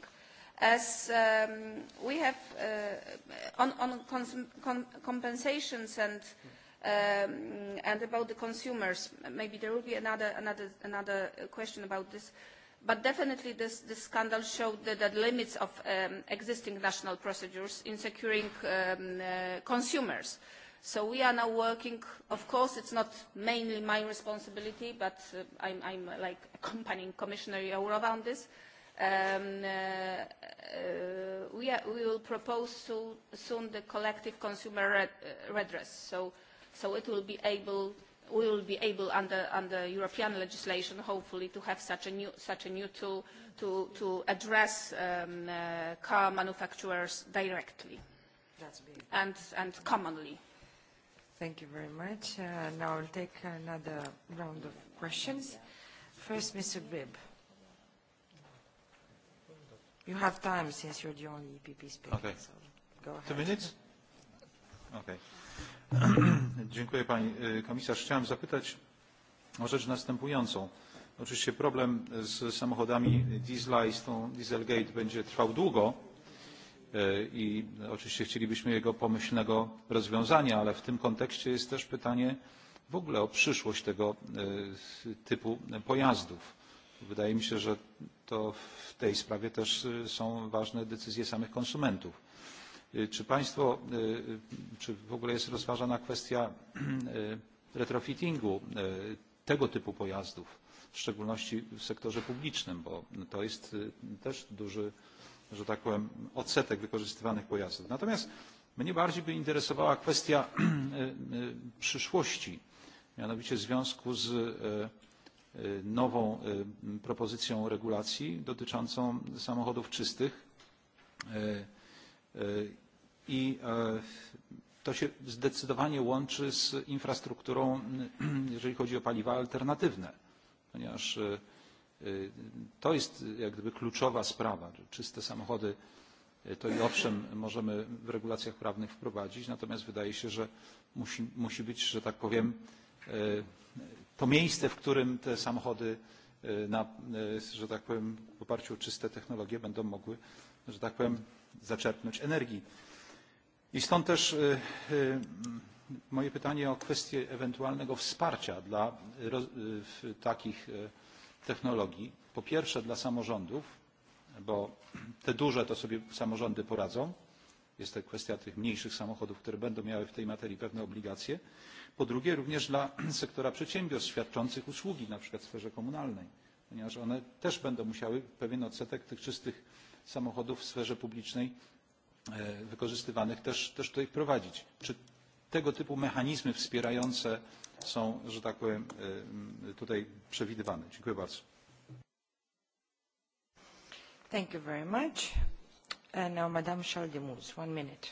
As um, we have uh, on on cons com compensations and. Mm -hmm. Um, and about the consumers, maybe there will be another, another, another question about this. But definitely this, this scandal showed the, the limits of um, existing national procedures in securing um, uh, consumers. So we are now working, of course, it's not mainly my responsibility, but uh, I'm, I'm uh, like accompanying Commissioner Jourova on this. Um, uh, uh, we, are, we will propose so, soon the collective consumer red, uh, redress. So so it will be able we will be able under under European legislation hopefully to have such a new such a new tool to to address um, uh, car manufacturers directly That's and and commonly thank you very much uh, now I'll take another round of questions first Mr. Bibb you have time since you're the only EPP speaker okay. so go ahead two minutes okay <clears throat> pani komisarz! chciałem zapytać o rzecz następującą. oczywiście problem z samochodami diesla i z tą dieselgate będzie trwał długo i oczywiście chcielibyśmy jego pomyślnego rozwiązania ale w tym kontekście jest też pytanie w ogóle o przyszłość tego typu pojazdów. wydaje mi się że to w tej sprawie też są ważne decyzje samych konsumentów. E, czy państwo e, e, czy w ogóle jest rozważana kwestia retrofittingu tego typu pojazdów w szczególności w sektorze publicznym bo to jest też duży że tak powiem odsetek wykorzystywanych pojazdów natomiast mnie bardziej by interesowała kwestia przyszłości mianowicie w związku z nową propozycją regulacji dotyczącą samochodów czystych. E, i e, to się zdecydowanie łączy z infrastrukturą, jeżeli chodzi o paliwa alternatywne, ponieważ e, to jest jak gdyby kluczowa sprawa. Czyste samochody to i owszem możemy w regulacjach prawnych wprowadzić, natomiast wydaje się, że musi, musi być, że tak powiem, to miejsce, w którym te samochody na, że tak powiem, w oparciu o czyste technologie będą mogły, że tak powiem, zaczerpnąć energii. I stąd też e, e, moje pytanie o kwestię ewentualnego wsparcia dla e, takich technologii. Po pierwsze dla samorządów, bo te duże to sobie samorządy poradzą. Jest to kwestia tych mniejszych samochodów, które będą miały w tej materii pewne obligacje. Po drugie również dla <clears throat> sektora przedsiębiorstw świadczących usługi, na przykład w sferze komunalnej, ponieważ one też będą musiały pewien odsetek tych czystych samochodów w sferze publicznej e, wykorzystywanych też, też tutaj wprowadzić. Czy tego typu mechanizmy wspierające są, że tak powiem, e, tutaj przewidywane? Dziękuję bardzo. Thank you very much. And uh, now Madame Chaldemus, one minute.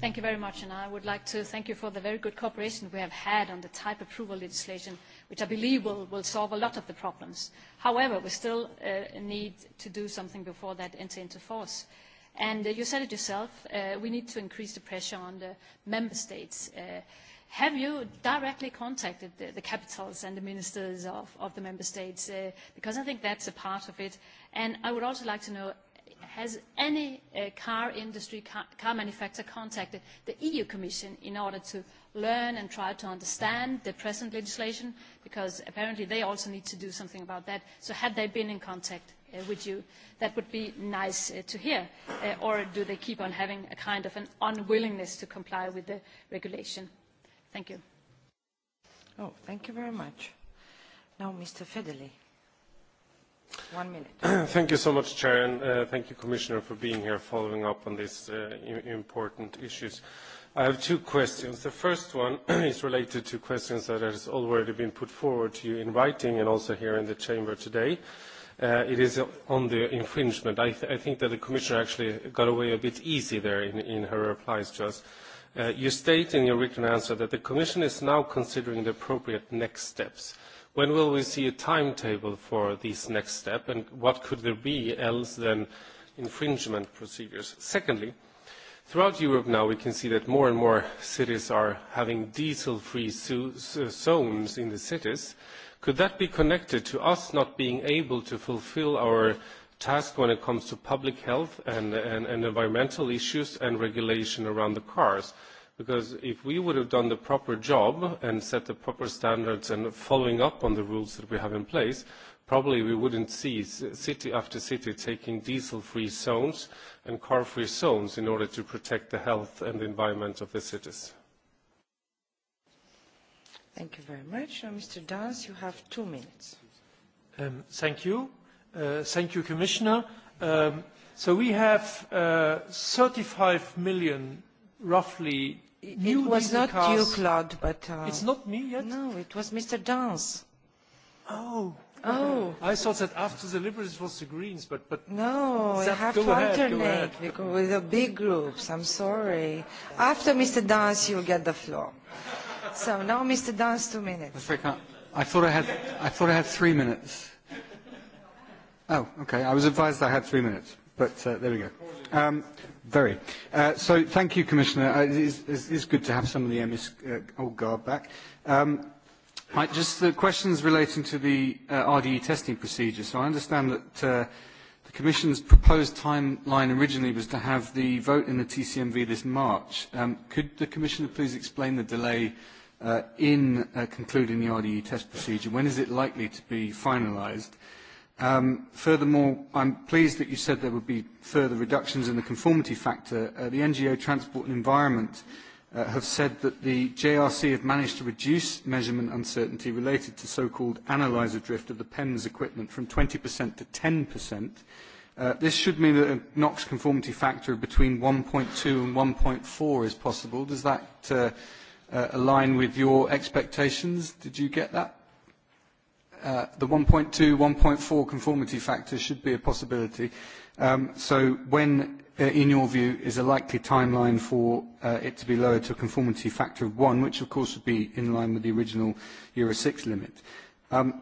Thank you very much, and I would like to thank you for the very good cooperation we have had on the type approval legislation which I believe will, will solve a lot of the problems. However, we still uh, need to do something before that enter into force. And uh, you said it yourself, uh, we need to increase the pressure on the member states. Uh, have you directly contacted the, the capitals and the ministers of, of the member states? Uh, because I think that's a part of it. And I would also like to know, has any uh, car industry, car, car manufacturer contacted the EU Commission in order to learn and try to understand the present legislation, because apparently they also need to do something about that. So had they been in contact uh, with you, that would be nice uh, to hear. Uh, or do they keep on having a kind of an unwillingness to comply with the regulation? Thank you. Oh, thank you very much. Now, Mr. Federley. One minute. <clears throat> thank you so much, Chair, and uh, thank you, Commissioner, for being here following up on these uh, important issues. I have two questions. The first one <clears throat> is related to questions that has already been put forward to you in writing and also here in the chamber today. Uh, it is on the infringement. I, th I think that the Commissioner actually got away a bit easy there in, in her replies to us. Uh, you state in your written answer that the Commission is now considering the appropriate next steps. When will we see a timetable for this next step, and what could there be else than infringement procedures? Secondly, uh, Throughout Europe now, we can see that more and more cities are having diesel-free so so zones in the cities. Could that be connected to us not being able to fulfill our task when it comes to public health and, and, and environmental issues and regulation around the cars? Because if we would have done the proper job and set the proper standards and following up on the rules that we have in place, probably we wouldn't see city after city taking diesel-free zones and car-free zones in order to protect the health and the environment of the cities. Thank you very much. Uh, Mr. Dans, you have two minutes. Um, thank you. Uh, thank you, Commissioner. Um, we have 35 uh, million, roughly, new leasing cars. It was not you, Claude, but. It's not me yet? No, it was Mr. Dans. Oh. Oh. I thought that after the Liberals was the Greens, but... but no, you have to ahead, alternate because with the big groups. I'm sorry. After Mr. Dance, you'll get the floor. So now, Mr. Dance, two minutes. I, think I, I, thought I, had, I thought I had three minutes. Oh, OK. I was advised I had three minutes, but uh, there we go. Um, very. Uh, so thank you, Commissioner. Uh, it is good to have some of the MS uh, old guard back. Um, Hi, just the questions relating to the uh, RDE testing procedure. So I understand that uh, the Commission's proposed timeline originally was to have the vote in the TCMV this March. Um, could the Commissioner please explain the delay uh, in uh, concluding the RDE test procedure? When is it likely to be finalised? Um, furthermore, I'm pleased that you said there would be further reductions in the conformity factor. Uh, the NGO Transport and Environment uh, uh, have said that the JRC have managed to reduce measurement uncertainty related to so-called analyzer drift of the PEMS equipment from 20% to 10%. Uh, this should mean that a NOx conformity factor of between 1.2 and 1.4 is possible. Does that uh, uh, align with your expectations? Did you get that? Uh, the 1.2, 1.4 conformity factor should be a possibility. Um, so when Uh, in your view, is a likely timeline for uh, it to be lowered to a conformity factor of one, which of course would be in line with the original Euro 6 limit. Um,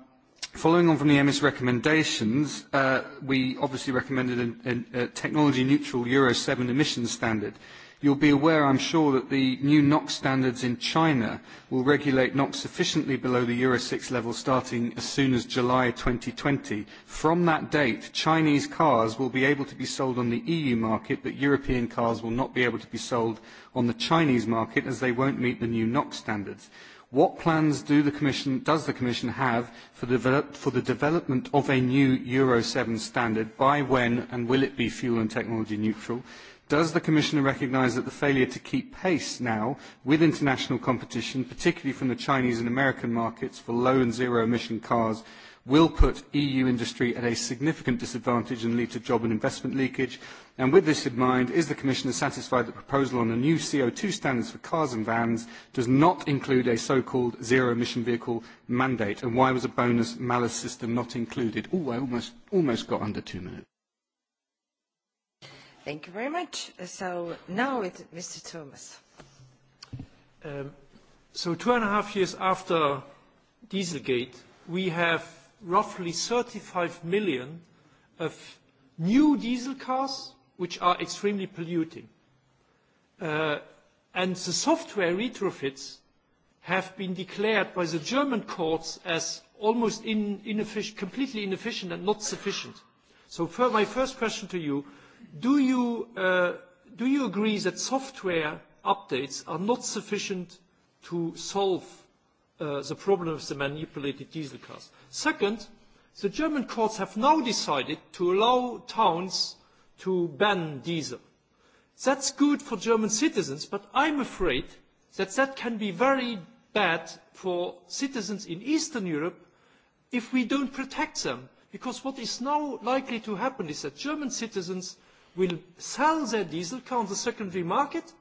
following on from the MS recommendations, uh, we obviously recommended a, a, a technology neutral Euro 7 emissions standard. Uh, You'll be aware, I'm sure, that the new NOx standards in China will regulate NOx sufficiently below the Euro 6 level starting as soon as July 2020. From that date, Chinese cars will be able to be sold on the EU market, but European cars will not be able to be sold on the Chinese market as they won't meet the new NOx standards. What plans do the commission, does the Commission have for, develop, for the development of a new Euro 7 standard? By when and will it be fuel and technology neutral? Does the Commissioner recognise that the failure to keep pace now with international competition, particularly from the Chinese and American markets for low and zero emission cars, will put EU industry at a significant disadvantage and lead to job and investment leakage? And with this in mind, is the Commissioner satisfied that the proposal on the new CO2 standards for cars and vans does not include a so-called zero-emission vehicle mandate? And why was a bonus malice system not included? Oh, I almost, almost got under two minutes. Thank you very much. So now it's Mr. Thomas. Um, so two and a half years after Dieselgate, we have roughly 35 million of new diesel cars which are extremely polluting. Uh, and the software retrofits have been declared by the German courts as almost in, ineffic completely inefficient and not sufficient. So for my first question to you, do you uh, do you agree that software updates are not sufficient to solve uh, the problem of the manipulated diesel cars? Second, the German courts have now decided to allow towns to ban diesel. That's good for German citizens, but I'm afraid that that can be very bad for citizens in Eastern Europe if we don't protect them. Because what is now likely to happen is that German citizens will sell their diesel car on the secondary market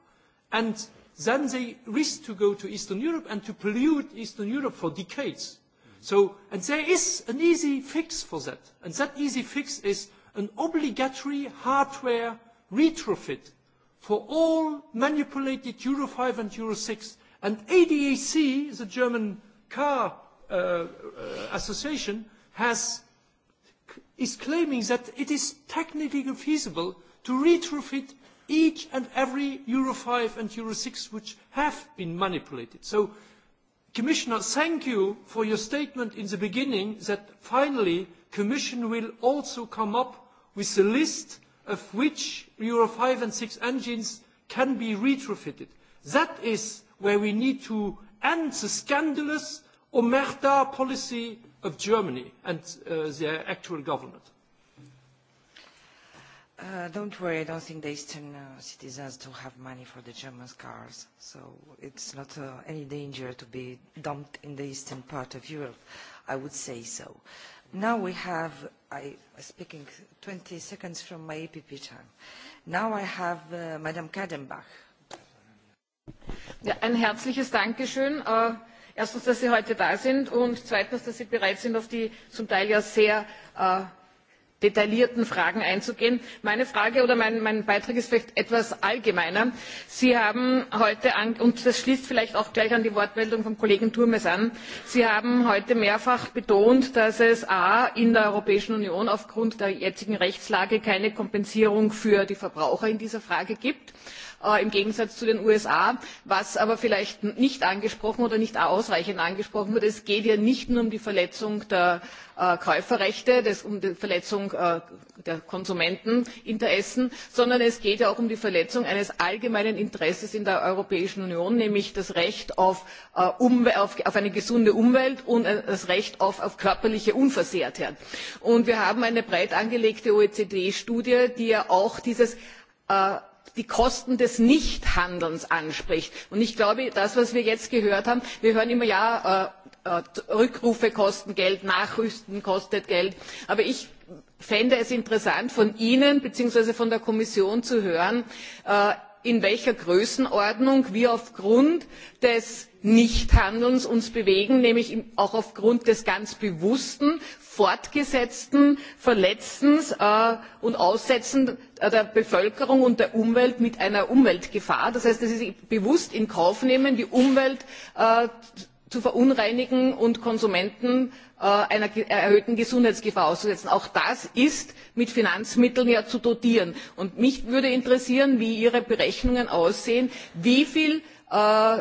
and then they risk to go to Eastern Europe and to pollute Eastern Europe for decades. So, and there is an easy fix for that. And that easy fix is an obligatory hardware retrofit for all manipulated Euro 5 and Euro 6. And ADAC, the German car uh, uh, association, has is claiming that it is technically feasible to retrofit each and every Euro 5 and Euro 6 which have been manipulated. So, Commissioner, thank you for your statement in the beginning that finally Commission will also come up with a list of which Euro 5 and 6 engines can be retrofitted. That is where we need to end the scandalous Omerta policy of Germany and uh, their actual government? Uh, don't worry, I don't think the Eastern uh, citizens do have money for the German cars, so it's not uh, any danger to be dumped in the Eastern part of Europe, I would say so. Now we have, I speaking 20 seconds from my EPP time, now I have uh, Madame Kadenbach. Ja, ein herzliches Dankeschön. Uh, erstens dass sie heute da sind und zweitens dass sie bereit sind auf die zum teil ja sehr äh, detaillierten fragen einzugehen. meine frage oder mein, mein beitrag ist vielleicht etwas allgemeiner sie haben heute an, und das schließt vielleicht auch gleich an die wortmeldung vom kollegen turmes an sie haben heute mehrfach betont dass es a in der europäischen union aufgrund der jetzigen rechtslage keine kompensierung für die verbraucher in dieser frage gibt. Äh, im gegensatz zu den usa. was aber vielleicht nicht angesprochen oder nicht ausreichend angesprochen wurde es geht hier ja nicht nur um die verletzung der äh, käuferrechte um die verletzung äh, der konsumenteninteressen sondern es geht ja auch um die verletzung eines allgemeinen interesses in der europäischen union nämlich des rechts auf eine gesunde umwelt und des rechts auf körperliche unversehrtheit. wir haben eine breit angelegte oecd studie die ja auch dieses die kosten des nichthandelns anspricht. ich glaube das was wir jetzt gehört haben wir hören immer ja äh, äh, rückrufe kosten geld nachrüsten kostet geld aber ich fände es interessant von ihnen beziehungsweise von der kommission zu hören äh, in welcher größenordnung wir uns aufgrund des nichthandelns bewegen nämlich auch aufgrund des ganz bewussten fortgesetzten verletzens äh, und aussetzens äh, der bevölkerung und der umwelt mit einer umweltgefahr. das heißt dass sie bewusst in kauf nehmen die umwelt äh, zu verunreinigen und konsumenten äh, einer erhöhten gesundheitsgefahr auszusetzen. auch das ist mit finanzmitteln ja zu dotieren. mich würde interessieren wie ihre berechnungen aussehen wie viel äh,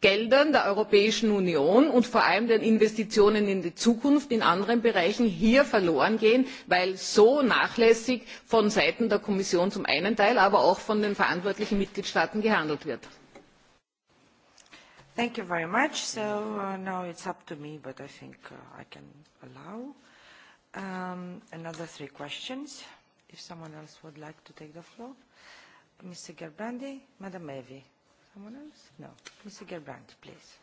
geldern der europäischen union und vor allem den investitionen in die zukunft in anderen bereichen hier verlorengehen weil so nachlässig von seiten der kommission zum einen teil aber auch von den verantwortlichen mitgliedstaaten gehandelt wird. Thank you very much. So uh, now it's up to me, but I think uh, I can allow um, another three questions, if someone else would like to take the floor. Mr. Gerbrandi, Madam Evi. Someone else? No. Mr. Gerbrandi, please.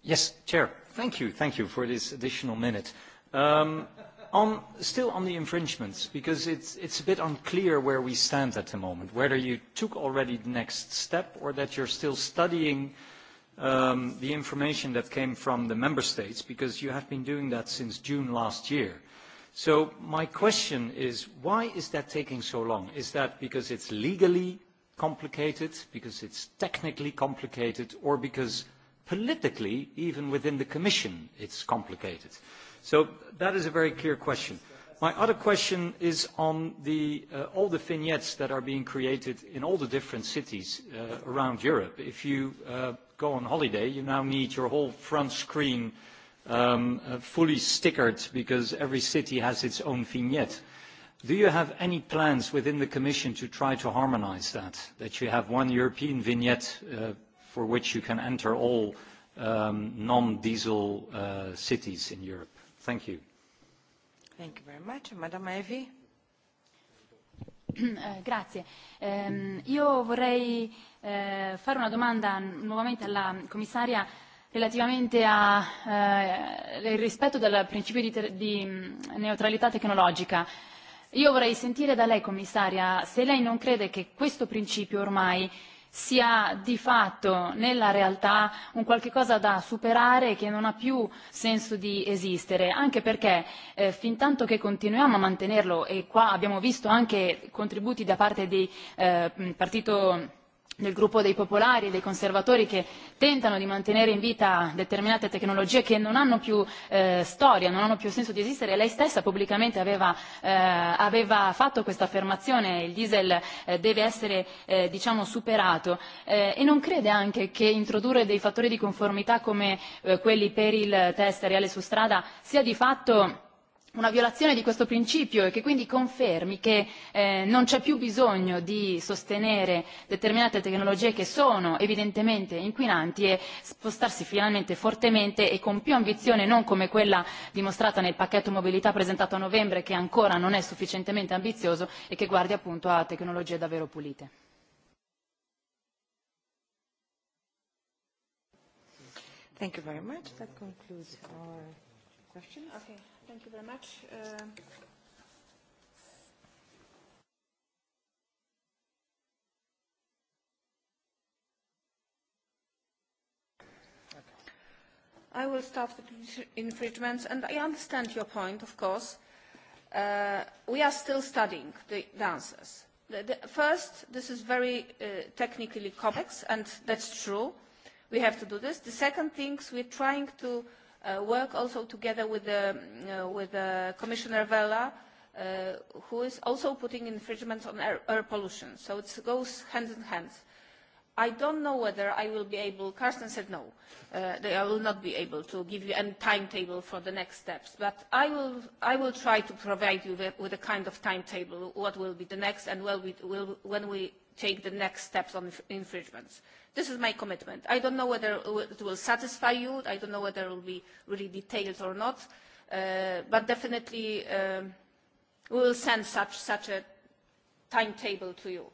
Yes, Chair. Thank you. Thank you for this additional minute. Um, Still on the infringements, because it's a bit unclear where we stand at the moment, whether you took already the next step or that you're still studying um, the information that came from the member states, because you have been doing that since June last year. My question is, why is that taking so long? Is that because it's legally complicated, because it's technically complicated, or because politically, even within the commission, it's complicated? That is a very clear question. My other question is on uh, all the vignettes that are being created in all the different cities uh, around Europe. If you uh, go on holiday, you now need your whole front screen um, fully stickered because every city has its own vignette. Do you have any plans within the commission to try to harmonize that? That you have one European vignette for which you can enter all um, non-diesel cities in Europe? thank you. Thank you very much. Madame Evi. <clears throat> Eh, grazie. Eh, io vorrei eh, fare una domanda nuovamente alla commissaria relativamente al eh, rispetto del principio di, di mm, neutralità tecnologica. Io vorrei sentire da lei, commissaria, se lei non crede che questo principio ormai eh, sia di fatto nella realtà un qualche cosa da superare che non ha più senso di esistere, anche perché eh, fin tanto che continuiamo a mantenerlo e qua abbiamo visto anche contributi da parte di eh, partito del gruppo dei popolari, e dei conservatori che tentano di mantenere in vita determinate tecnologie che non hanno più eh, storia, non hanno più senso di esistere. Lei stessa pubblicamente aveva, eh, aveva fatto questa affermazione, il diesel eh, deve essere eh, diciamo, superato. Eh, e non crede anche che introdurre dei fattori di conformità come eh, quelli per il test reale su strada sia di fatto una violazione di questo principio e che quindi confermi che eh, non c'è più bisogno di sostenere determinate tecnologie che sono evidentemente inquinanti e spostarsi finalmente fortemente e con più ambizione, non come quella dimostrata nel pacchetto mobilità presentato a novembre, che ancora non è sufficientemente ambizioso e che guardi appunto a tecnologie davvero pulite. Thank you very much. That concludes our questions. Okay. Thank you very much. Uh, I will start with infringements, and I understand your point, of course. Uh, we are still studying the dancers. The, the, first, this is very uh, technically complex, and that's true. We have to do this. The second thing, we're trying to uh, uh, work also together with the, mm, uh, with the uh, Commissioner Vela, uh, who is also putting infringements on air, air pollution. So it goes hand in hand. I don't know whether I will be able, Carsten said no, uh, I will not be able to give you any timetable for the next steps, but I will, I will try to provide you with a kind of timetable, what will be the next and will be, will, when we take the next steps on infringements. This is my commitment. I don't know whether it will satisfy you. I don't know whether it will be really detailed or not. Uh, but definitely, um, we will send such, such a timetable to you.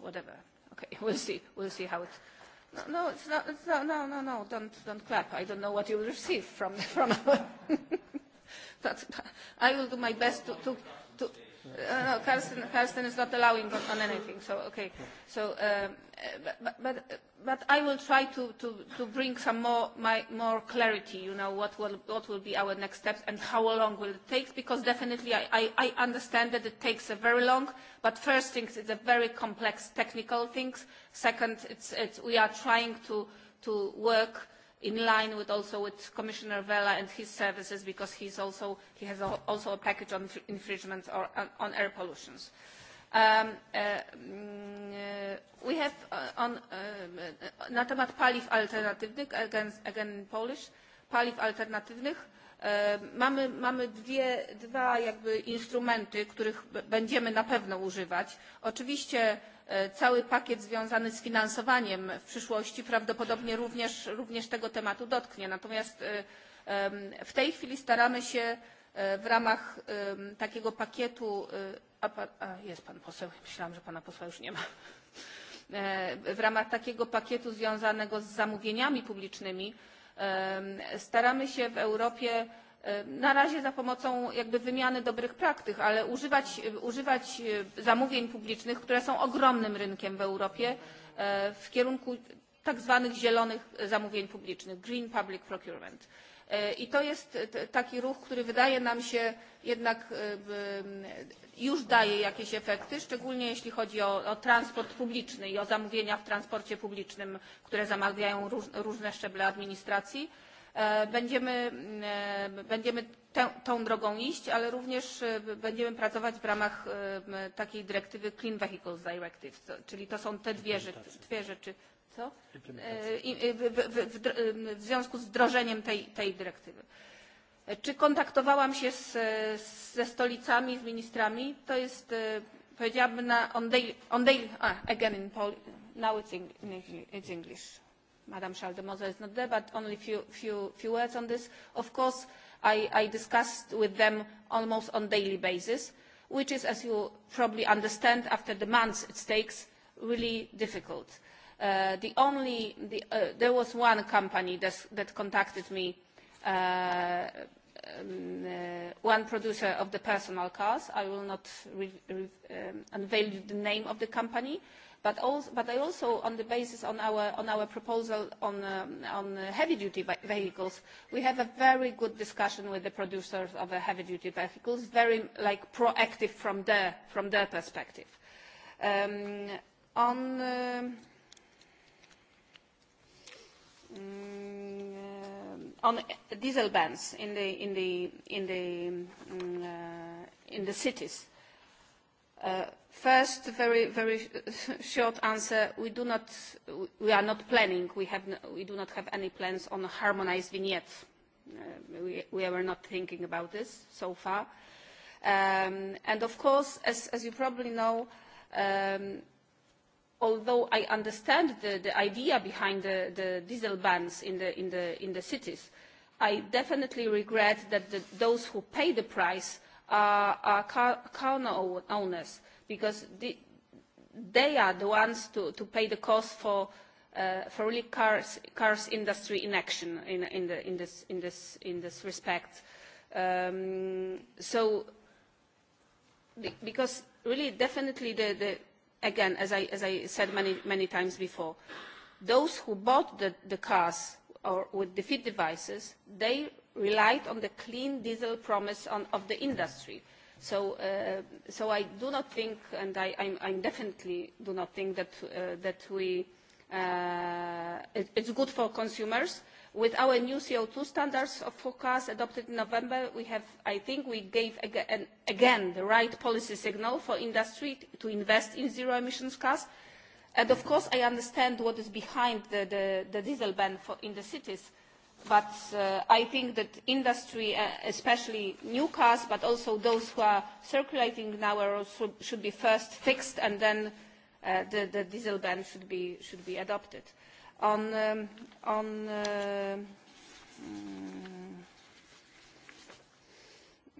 Whatever. Okay, <laughs> we'll see. We'll see how it... No, no, it's not, it's not, no, no, no, don't, don't clap. I don't know what you will <laughs> receive from... from... <laughs> That's, I will do my best to... to, to Uh, no, Carsten is not allowing on anything, so okay. So, uh, but I will try to bring some more, my more clarity, you know, what will be our next steps and how long will it take? Because definitely I understand that it takes a very long, but first things, it's a very complex technical things. Second, it's we are trying to work in line with also with Commissioner Vela and his services because he's also, he has a, also a package on infringement or uh, on air pollution. Um, uh, mm, uh, we have uh, on, uh, na temat paliw alternatywnych, again, again Polish, paliw alternatywnych. Um, mamy, mamy dwie, dwa jakby instrumenty, których będziemy na pewno używać. Oczywiście cały pakiet związany z finansowaniem w przyszłości prawdopodobnie również, również tego tematu dotknie. Natomiast w tej chwili staramy się e, w ramach takiego pakietu a, pa, a jest pan poseł, ja myślałam, że pana posła już nie ma e, w ramach takiego pakietu związanego z zamówieniami publicznymi staramy się w Europie E, na razie za pomocą jakby wymiany dobrych praktyk, ale używać, używać e, zamówień publicznych, które są ogromnym rynkiem w Europie e, w kierunku tak zwanych zielonych zamówień publicznych, green public procurement. I to jest taki ruch, który wydaje nam się jednak już daje jakieś efekty, szczególnie jeśli chodzi o, o transport publiczny i o zamówienia w transporcie publicznym, które zamawiają róż, różne szczeble administracji. E, będziemy, e, będziemy te, tą drogą iść, ale również e, będziemy pracować w ramach takiej dyrektywy Clean Vehicles Directive, co, czyli to są te dwie rzeczy, dwie rzeczy co? W, w, w, w związku z wdrożeniem tej, tej dyrektywy. Czy kontaktowałam się z, ze stolicami, z ministrami? To jest, powiedziałabym, na on daily, on daily ah, again in Poland, now it's, in, in, it's English. Madam Schaldemose is not there, but only few words on this. Of course, I discussed with them almost on daily basis, which is, as you probably understand, after the months it takes, really difficult. Uh, uh, there was one company that contacted me, uh, um, one producer of the personal cars. I will not um, unveil the name of the company, but also on the basis of our proposal on um, heavy-duty vehicles, we have a very good discussion with the producers of the heavy-duty vehicles, very proactive from their perspective. Um, on the um, mm, diesel bans in the mm, uh, cities, uh, first very very <laughs> short answer we do not we are not planning we have no, we do not have any plans on a harmonized vignette uh, we, we were not thinking about this so far um, and of course as, as you probably know um, although I understand the, the idea behind the, the diesel bans in the, in, the, in the cities, I definitely regret that the, those who pay the price are, are car, car owners. Uh, because the, they are the ones to, to pay the cost for uh, for really cars cars industry in action in in, the, in this in this in this respect. Um, so because really definitely the, the again as I as I said many many times before, those who bought the, the cars or with defeat devices, they relied on the clean diesel promise on, of the industry. Mm -hmm. So, uh, so I do not think, and I, I, I definitely do not think that uh, that we uh, it, it's good for consumers. With our new CO2 standards of forecast adopted in November, we have, I think, we gave ag an, again the right policy signal for industry to invest in zero emissions cars. And of course, I understand what is behind the, the, the diesel ban for, in the cities but uh, I think that industry, uh, especially new cars, but also those who are circulating now are also should be first fixed and then uh, the, the diesel ban should be, should be adopted. On, um, on uh,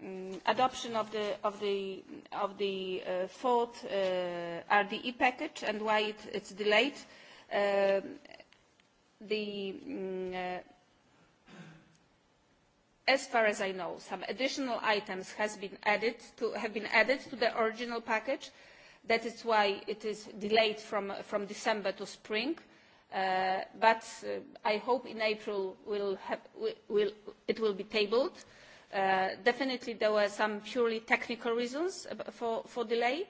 um, adoption of the, of the, of the uh, fourth uh, RDE package and why it, it's delayed, uh, the um, uh, as far as i know some additional items have been added to the original package that is why it is delayed from december to spring uh, but uh, i hope in april it will be tabled. Uh, definitely there were some purely technical reasons for delay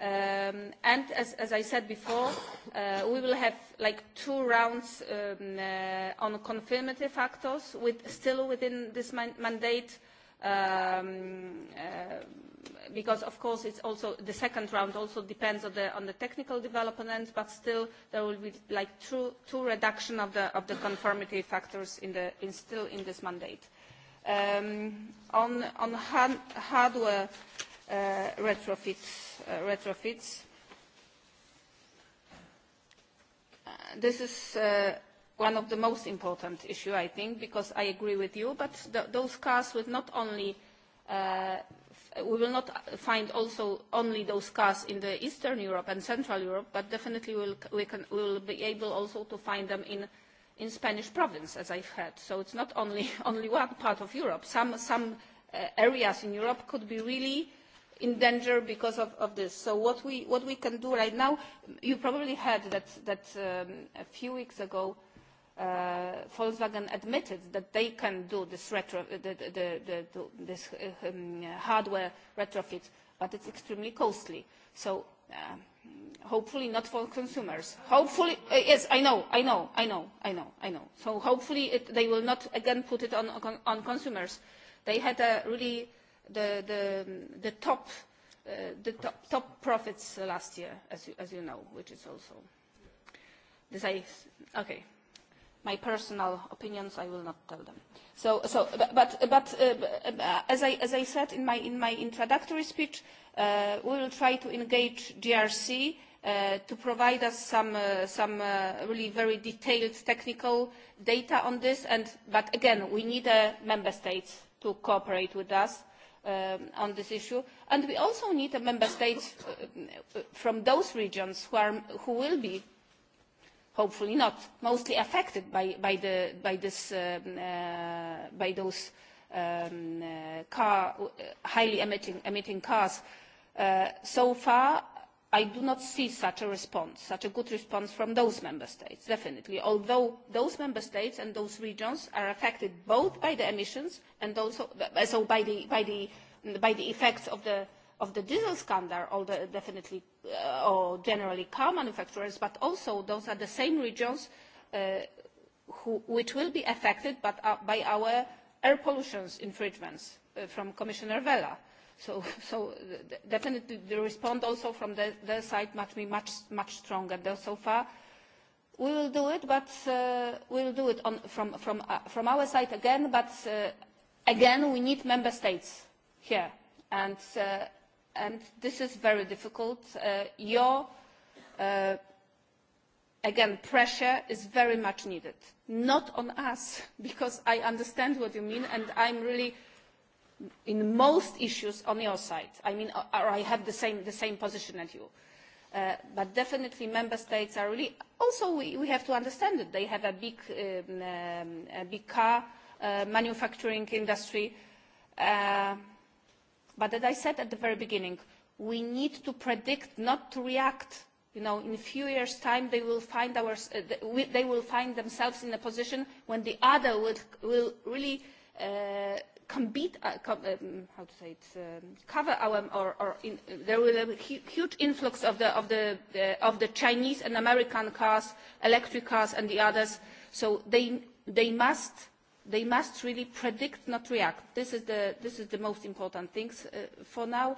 Um, and as I said before, uh, we will have, like, two rounds um, uh, on confirmatory factors with still within this mandate, um, uh, because of course, it's also the second round also depends on the technical development, but still there will be, like, two reduction of the confirmatory factors in the still in this mandate. On hardware retrofits, Uh, retrofits. Uh, this is uh, one of the most important issues, I think, because I agree with you, but th those cars will not only, uh, we will not find also only those cars in the Eastern Europe and Central Europe, but definitely we'll, we, can, we will be able also to find them in, in Spanish province, as I've heard. So it's not only, <laughs> only one part of Europe. Some, some uh, areas in Europe could be really uh, in danger because of, of this. So what we, what we can do right now, you probably heard that, that um, a few weeks ago, uh, Volkswagen admitted that they can do this, retro, uh, the, the, the, the, this uh, um, hardware retrofit, but it's extremely costly. So uh, hopefully not for consumers. Hopefully, uh, yes, I know, I know, I know, I know, I know. So hopefully it, they will not again put it on, on, on consumers. They had a really the uh, top profits last year, as you know, which is also the same. Okay. My personal opinions, I will not tell them. So, but uh, uh, as I said in my introductory speech, we will try to engage GRC to provide us some really very detailed technical data on this. But again, we need member states to cooperate with us uh, on this issue. And we also need a member state uh, uh, from those regions who, are, who will be, hopefully not, mostly affected by, by, the, by, this, um, uh, by those um, uh, car, uh, highly emitting, emitting cars. Uh, so far, I do not see such a response, such a good response from those member states, definitely, although those member states and those regions are affected both by the emissions and also uh, so by, the, by, the, by the effects of the, of the diesel scandal, or the, definitely, uh, or generally car manufacturers, but also those are the same regions uh, who, which will be affected by, uh, by our air pollution infringements uh, from Commissioner Vela. Uh, Definitely the response also from their side must be much stronger than so far. We will do it, but uh, we'll do it on uh, from our side again, but uh, again, we need member states here. This is very difficult. Your again, pressure is very much needed. Not on us, <laughs> because I understand what you mean, and I'm really in most issues on your side. I mean, uh, or I have the same, the same position as you. Uh, but definitely member states are really, also we, we have to understand that they have a big, um, um, a big car uh, manufacturing industry. Uh, but as I said at the very beginning, we need to predict, not to react. You know, in a few years' time, they will find, our, uh, we, they will find themselves in a position when the other will, will really uh, compete, uh, com, um, how to say it, um, cover our, or, or in, uh, there will be a hu huge influx of the, of, the, uh, of the Chinese and American cars, electric cars and the others. So they, they, must, they must really predict, not react. This is the, this is the most important thing uh, for now.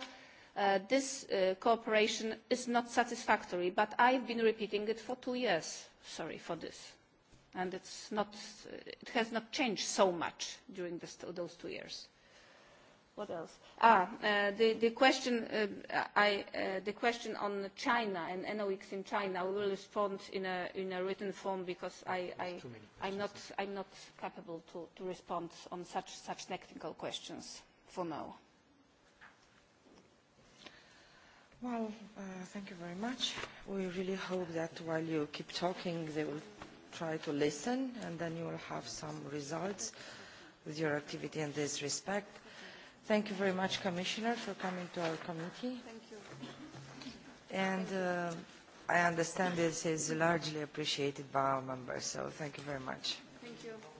Uh, this uh, cooperation is not satisfactory, but I've been repeating it for two years. Sorry for this and it has not changed so much during those two years. What else? Ah, uh, the, the, question, uh, I, uh, the question on China and NOx in China, I will respond in a, in a written form because I, I, I'm, not, I'm not capable to, to respond on such, such technical questions for now. Well, uh, thank you very much. We really hope that while you keep talking, they will try to listen and then you will have some results with your activity in this respect. Thank you very much, Commissioner, for coming to our committee. Thank you. And uh, I understand this is largely appreciated by our members, so thank you very much. Thank you.